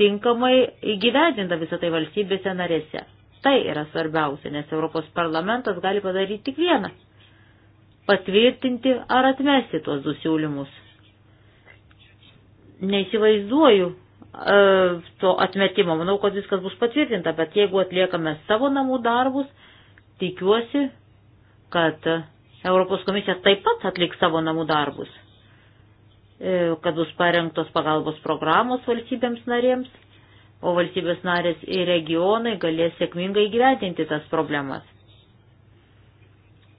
tinkamai įgyvendinta visą tai valstybėse narėse. Tai yra svarbiausia, nes Europos parlamentas gali padaryti tik vieną - patvirtinti ar atmesti tuos du siūlymus. Neįsivaizduoju e, to atmetimo, manau, kad viskas bus patvirtinta, bet jeigu atliekame savo namų darbus, tikiuosi, kad Europos komisija taip pat atliks savo namų darbus, e, kad bus parengtos pagalbos programos valstybėms narėms, o valstybės narės ir regionai galės sėkmingai gyventinti tas problemas.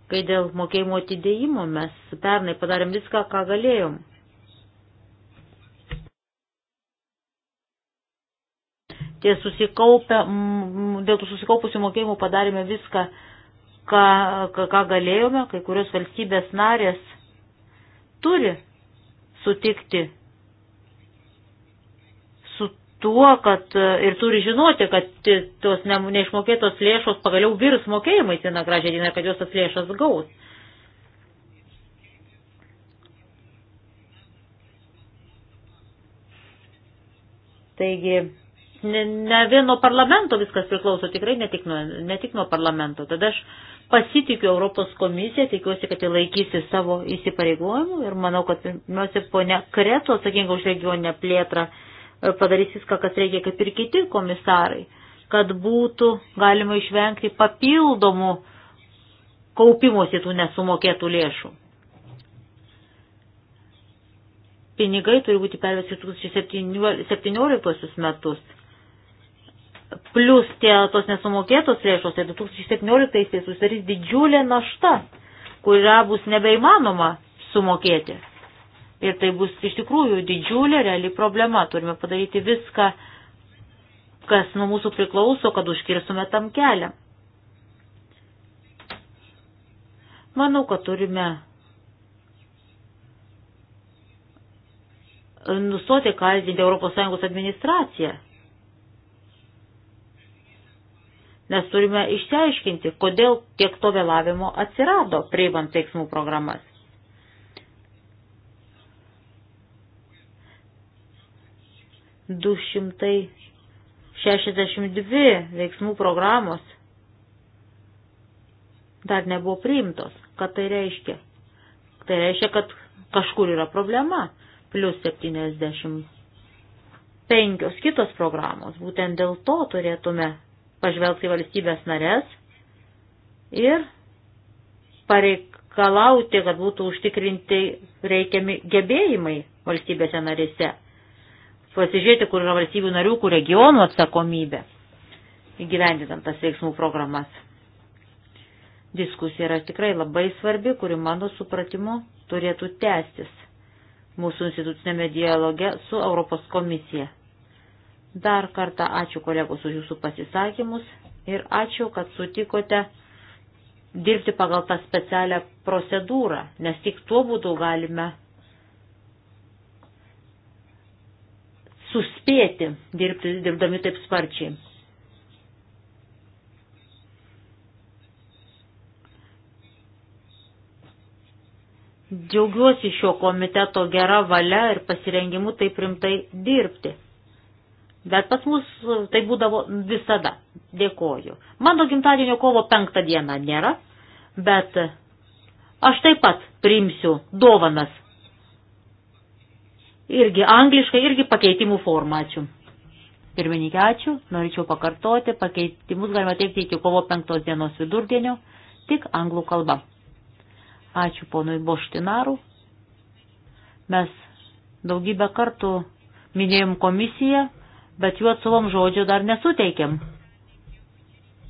Kai dėl mokėjimo atidėjimo mes pernai padarėm viską, ką galėjom. Tie susikaupę, dėl tų susikaupusių mokėjimų padarėme viską, ką, ką galėjome, kai kurios valstybės narės turi sutikti su tuo, kad ir turi žinoti, kad tos ne, neišmokėtos lėšos pagaliau virs mokėjimai vieną gražią dieną, kad jos tas lėšas gaus. Taigi, ne, ne vieno parlamento viskas priklauso, tikrai ne tik, nuo, ne tik nuo parlamento. Tada aš pasitikiu Europos komisiją, tikiuosi, kad jie laikysi savo įsipareigojimų ir manau, kad pirmiausia, ponia Kreto, atsakinga už regioninę plėtrą, e, padarys viską, kas reikia, kaip ir kiti komisarai, kad būtų galima išvengti papildomų kaupimuose tų nesumokėtų lėšų. Pinigai turi būti pervesti 2017 metus plus tie, tos nesumokėtos lėšos, tai 2017-aisiais susidarys didžiulė našta, kurią bus nebeįmanoma sumokėti. Ir tai bus iš tikrųjų didžiulė reali problema. Turime padaryti viską, kas nuo mūsų priklauso, kad užkirstume tam kelią. Manau, kad turime nustoti kaltinti ES administraciją Nes turime išsiaiškinti, kodėl tiek to vėlavimo atsirado priimant veiksmų programas. Du šimtai šešiasdešimt dvi veiksmų programos dar nebuvo priimtos. Ką tai reiškia? Tai reiškia, kad kažkur yra problema. Plius 75 kitos programos. Būtent dėl to turėtume pažvelgti valstybės narės ir pareikalauti, kad būtų užtikrinti reikiami gebėjimai valstybėse narėse. Pasižiūrėti, kur yra valstybių narių, kur regionų atsakomybė įgyvendinant tas veiksmų programas. Diskusija yra tikrai labai svarbi, kuri mano supratimu turėtų tęstis mūsų institucinėme dialoge su Europos komisija. Dar kartą ačiū kolegos už jūsų pasisakymus ir ačiū, kad sutikote dirbti pagal tą specialią procedūrą, nes tik tuo būdu galime suspėti dirbti, dirbdami taip sparčiai. Džiaugiuosi šio komiteto gera valia ir pasirengimu taip rimtai dirbti. Bet pas mus e, tai būdavo visada. Dėkoju. Mano gimtadienio kovo penktą dieną nėra, bet aš taip pat priimsiu dovanas. Irgi angliškai, irgi pakeitimų formą. Ačiū. Pirmininkė, ačiū. Norėčiau pakartoti, pakeitimus galima teikti iki kovo penktos dienos vidurdienio, tik anglų kalba. Ačiū ponui Boštinarų. Mes daugybę kartų minėjom komisiją bet jų atsuvom žodžio dar nesuteikėm.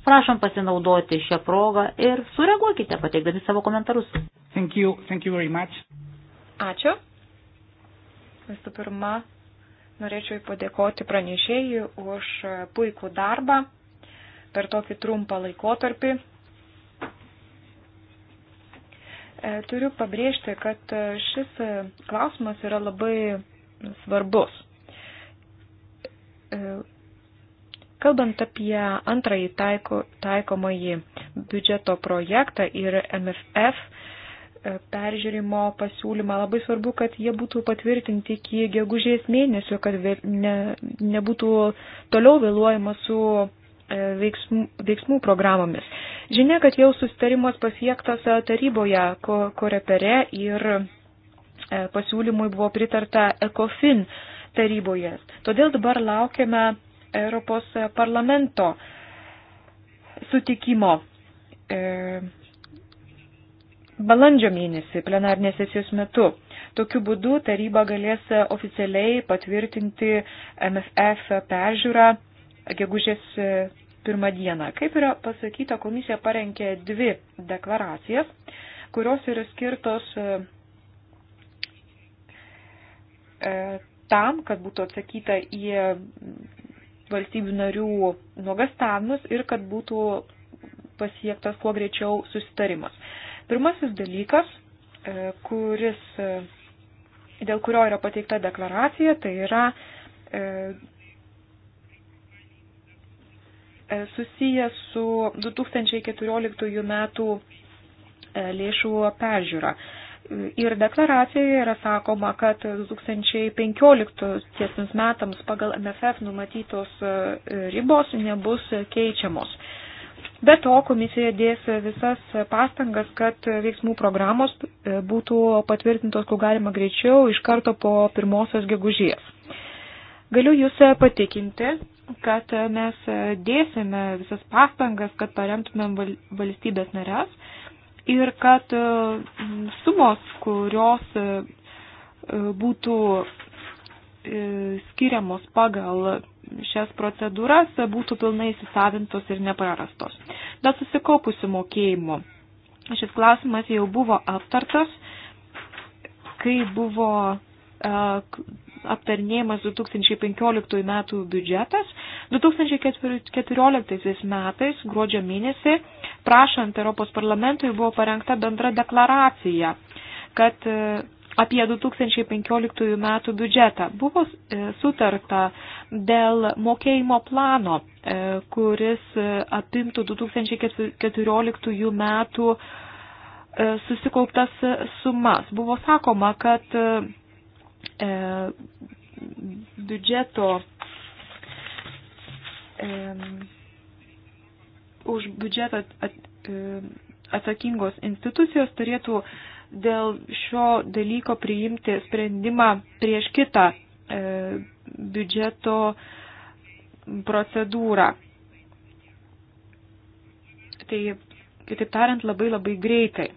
Prašom pasinaudoti šią progą ir sureaguokite, pateikdami savo komentarus. Thank you. Thank you very much. Ačiū. Visų pirma, norėčiau padėkoti pranešėjui už puikų darbą per tokį trumpą laikotarpį. E, turiu pabrėžti, kad šis klausimas yra labai svarbus. E, kalbant apie antrąjį taiko, taikomąjį biudžeto projektą ir MFF e, peržiūrimo pasiūlymą, labai svarbu, kad jie būtų patvirtinti iki gegužės mėnesio, kad ne, nebūtų toliau vėluojama su e, veiksmų, veiksmų programomis. Žinia, kad jau sustarimas pasiektas taryboje, korepere ir pasiūlymui buvo pritarta ECOFIN taryboje. Todėl dabar laukiame Europos parlamento sutikimo. E, balandžio mėnesį plenarnės sesijos metu. Tokiu būdu taryba galės oficialiai patvirtinti MFF peržiūrą gegužės pirmą dieną. Kaip yra pasakyta, komisija parengė dvi deklaracijas, kurios yra skirtos e, tam, kad būtų atsakyta į valstybių narių nuogastavimus ir kad būtų pasiektas kuo greičiau susitarimas. Pirmasis dalykas, e, kuris, e, dėl kurio yra pateikta deklaracija, tai yra e, susijęs su 2014 metų lėšų peržiūra. Ir deklaracijoje yra sakoma, kad 2015 metams pagal MFF numatytos e, ribos nebus keičiamos. Be to, komisija dės visas pastangas, kad veiksmų programos e, būtų patvirtintos, kuo galima greičiau, iš karto po pirmosios gegužės. Galiu Jūs e, patikinti, kad mes dėsime visas pastangas, kad paremtumėm valstybės narės ir kad e, sumos, kurios e, e, būtų skiriamos pagal šias procedūras, būtų pilnai įsisavintos ir neprarastos. Dėl susikaupusių mokėjimų. Šis klausimas jau buvo aptartas, kai buvo aptarnėjimas 2015 metų biudžetas. 2014 metais gruodžio mėnesį, prašant Europos parlamentui, buvo parengta bendra deklaracija, kad e, apie 2015 metų biudžetą. Buvo e, sutarta dėl mokėjimo plano, e, kuris apimtų 2014 metų susikauptas sumas. Buvo sakoma, kad e, biudžeto e, už biudžetą at, e, atsakingos institucijos turėtų dėl šio dalyko priimti sprendimą prieš kitą e, biudžeto procedūrą. Tai, kitaip tariant, labai labai greitai.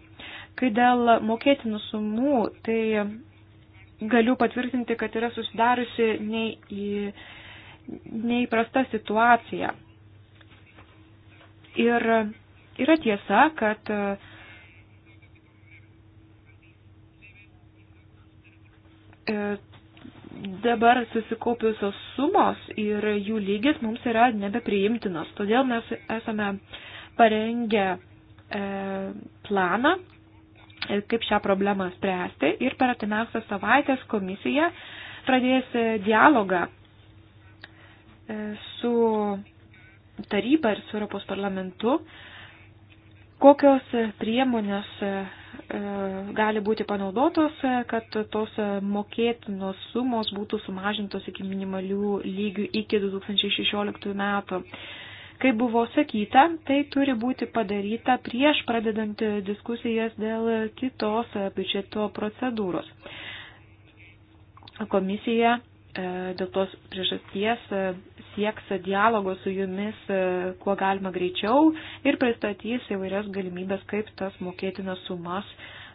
Kai dėl mokėtinų sumų, tai galiu patvirtinti, kad yra susidariusi nei, neįprasta situacija. Ir yra tiesa, kad e, dabar susikaupiusios sumos ir jų lygis mums yra nebepriimtinos. Todėl mes esame parengę e, planą, kaip šią problemą spręsti ir per atimiausias savaitės komisija pradės e, dialogą e, su taryba ir su Europos parlamentu, kokios priemonės e, gali būti panaudotos, kad tos mokėtinos sumos būtų sumažintos iki minimalių lygių iki 2016 metų. Kaip buvo sakyta, tai turi būti padaryta prieš pradedant diskusijas dėl kitos biudžeto procedūros. Komisija e, dėl tos priežasties e, sieks dialogo su jumis e, kuo galima greičiau ir pristatys įvairias galimybės, kaip tas mokėtinas sumas,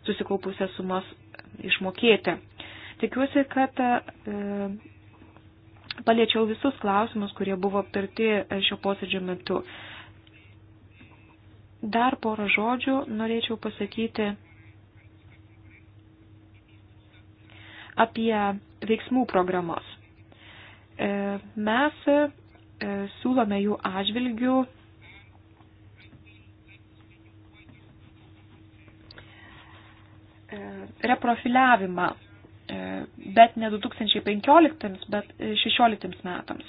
susikaupusias sumas išmokėti. Tikiuosi, kad paliečiau visus klausimus, kurie buvo aptarti e, šio posėdžio metu. Dar porą žodžių norėčiau pasakyti apie veiksmų programos. E, mes e, siūlome jų atžvilgių reprofiliavimą E, bet ne 2015, bet 2016 e, metams.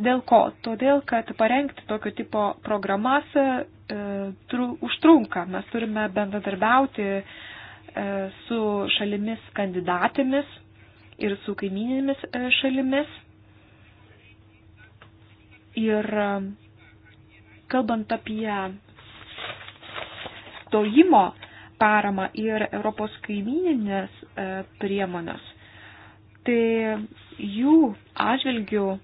Dėl ko? Todėl, kad parengti tokio tipo programas e, tru, užtrunka. Mes turime bendradarbiauti e, su šalimis kandidatėmis ir su kaimininėmis e, šalimis. Ir e, kalbant apie stojimo paramą ir Europos kaimininės E, priemonės. Tai jų atžvilgių e,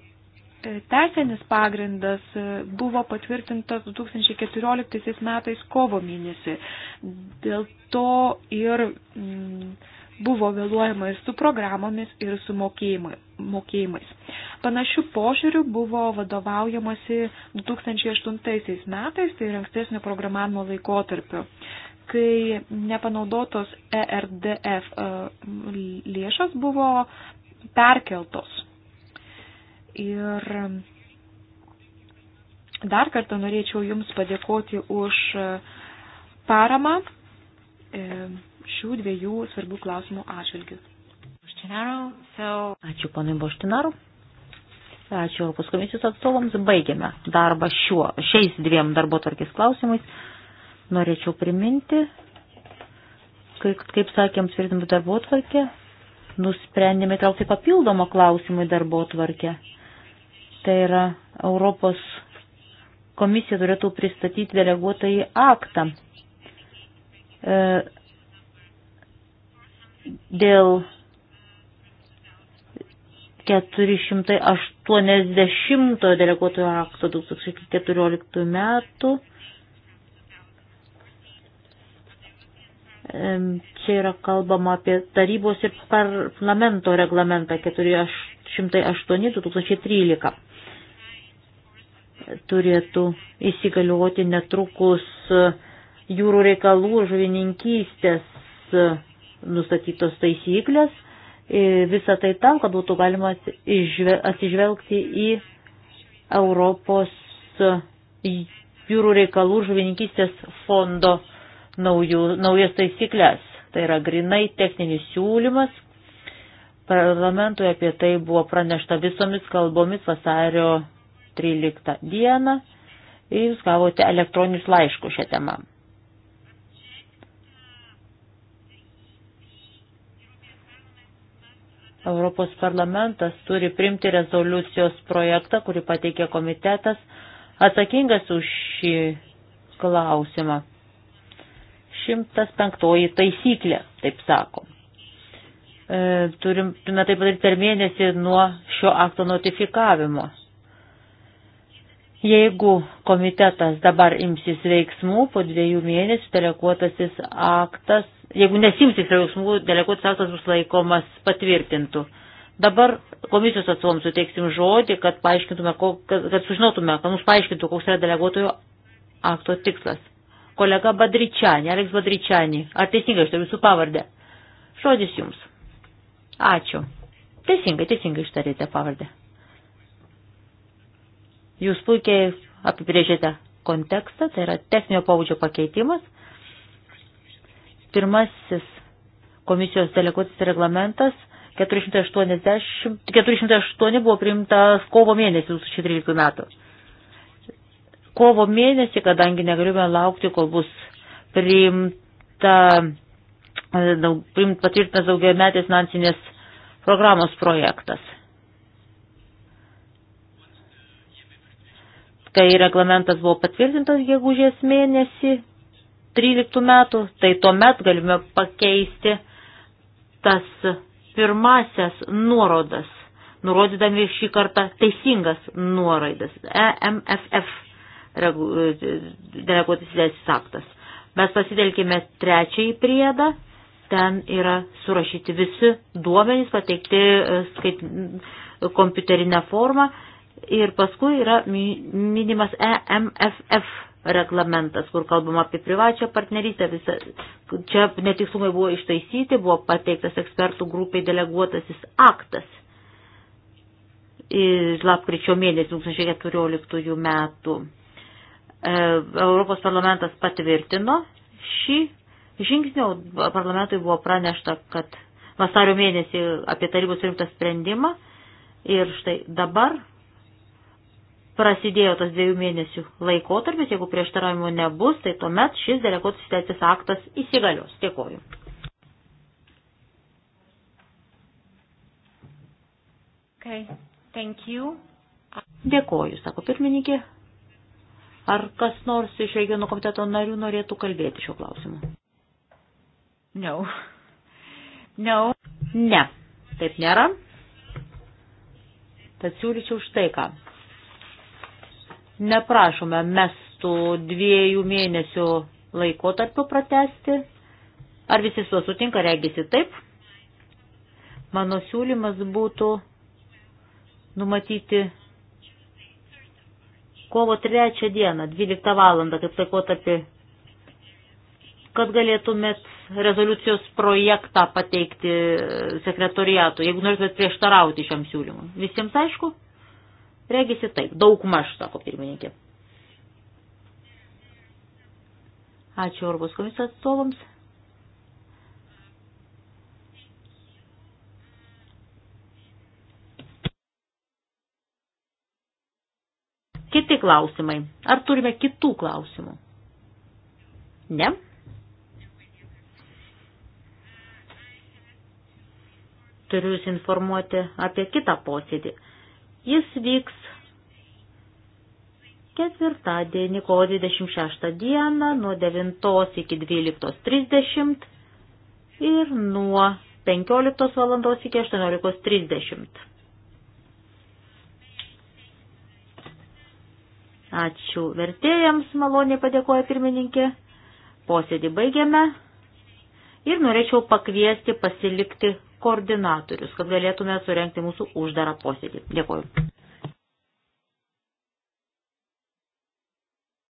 teisinis pagrindas e, buvo patvirtintas 2014 metais kovo mėnesį. Dėl to ir mm, buvo vėluojama ir su programomis, ir su mokėjimais. Panašių požiūrių buvo vadovaujamasi 2008 metais, tai ir ankstesnio programavimo laikotarpiu kai nepanaudotos ERDF e, lėšas buvo perkeltos. Ir dar kartą norėčiau Jums padėkoti už paramą e, šių dviejų svarbių klausimų atžvilgių. Ačiū ponui Boštinaru. Ačiū Europos komisijos atstovams. Baigiame darbą šiuo, šiais dviem darbo tvarkės klausimais. Norėčiau priminti, kaip, kaip sakėm, tvirtinimų darbo tvarkė, nusprendėme traukti papildomą klausimą į darbo tvarkę. Tai yra Europos komisija turėtų pristatyti deleguotą į aktą e, dėl 480 deleguotojo akto 2014 metų Čia yra kalbama apie tarybos ir parlamento reglamentą 408-2013. Turėtų įsigalioti netrukus jūrų reikalų žuvininkystės nustatytos taisyklės. E, Visą tai tam, kad būtų galima atsižvelgti į Europos jūrų reikalų žuvininkystės fondo naujų, naujas taisyklės. Tai yra grinai techninis siūlymas. Parlamentui apie tai buvo pranešta visomis kalbomis vasario 13 dieną ir jūs gavote elektroninius laiškus šią temą. Europos parlamentas turi primti rezoliucijos projektą, kurį pateikė komitetas atsakingas už šį klausimą. 105 taisyklė, taip sako. E, turime tai padaryti per mėnesį nuo šio akto notifikavimo. Jeigu komitetas dabar imsis veiksmų, po dviejų mėnesių deleguotasis aktas, jeigu nesimsis veiksmų, deleguotasis aktas bus laikomas patvirtintų. Dabar komisijos atstovams suteiksim žodį, kad, paaiškintume, kad, kad sužinotume, kad mums paaiškintų, koks yra deleguotojo akto tikslas kolega Badričiani, Aleks Badričiani. Ar teisingai aš turiu jūsų pavardę? Žodis jums. Ačiū. Teisingai, teisingai ištarėte pavardę. Jūs puikiai apibrėžėte kontekstą, tai yra techninio paudžio pakeitimas. Pirmasis komisijos deleguotis reglamentas 480, 408 buvo priimtas kovo mėnesį 2013 metų kovo mėnesį, kadangi negalime laukti, kol bus priimta, e, priimt patvirtinas daugiametės finansinės programos projektas. Kai reglamentas buvo patvirtintas gegužės mėnesį 13 metų, tai tuomet galime pakeisti tas pirmasias nuorodas, nurodydami šį kartą teisingas nuoraidas EMFF deleguotis teisės aktas. Mes pasitelkime trečiąjį priedą, ten yra surašyti visi duomenys, pateikti e, skait, kompiuterinę formą ir paskui yra minimas EMFF reglamentas, kur kalbama apie privačią partnerystę. Visa, čia netikslumai buvo ištaisyti, buvo pateiktas ekspertų grupiai deleguotasis aktas ir lapkričio mėnesį 2014 metų. E, Europos parlamentas patvirtino šį žingsnį, o parlamentui buvo pranešta, kad vasario mėnesį apie tarybos rimtą sprendimą ir štai dabar prasidėjo tas dviejų mėnesių laikotarpis, jeigu prieštaravimų nebus, tai tuomet šis deleguotas teisės aktas įsigalios. Dėkoju. Okay. Thank you. Dėkoju, sako pirmininkė. Ar kas nors iš regionų komiteto narių norėtų kalbėti šiuo klausimu? No. No. Ne. Taip nėra. Tad siūlyčiau štai ką. Neprašome mes tų dviejų mėnesių laikotarpio pratesti. Ar visi su sutinka, regisi taip? Mano siūlymas būtų numatyti kovo 3 dieną, 12 valandą, kaip sakot, apie, kad galėtumėt rezoliucijos projektą pateikti sekretoriatų, jeigu norėtumėt prieštarauti šiam siūlymui. Visiems aišku? Regisi taip, daug maž, sako pirmininkė. Ačiū Orbos komisijos atstovams. Kiti klausimai. Ar turime kitų klausimų? Ne? Turiu Jūs informuoti apie kitą posėdį. Jis vyks ketvirtadienį, kovo 26 dieną, nuo 9 iki 12.30 ir nuo 15 val. iki 18.30. Ačiū vertėjams, maloniai padėkoja pirmininkė. Posėdį baigiame ir norėčiau pakviesti pasilikti koordinatorius, kad galėtume surenkti mūsų uždarą posėdį. Dėkuoju.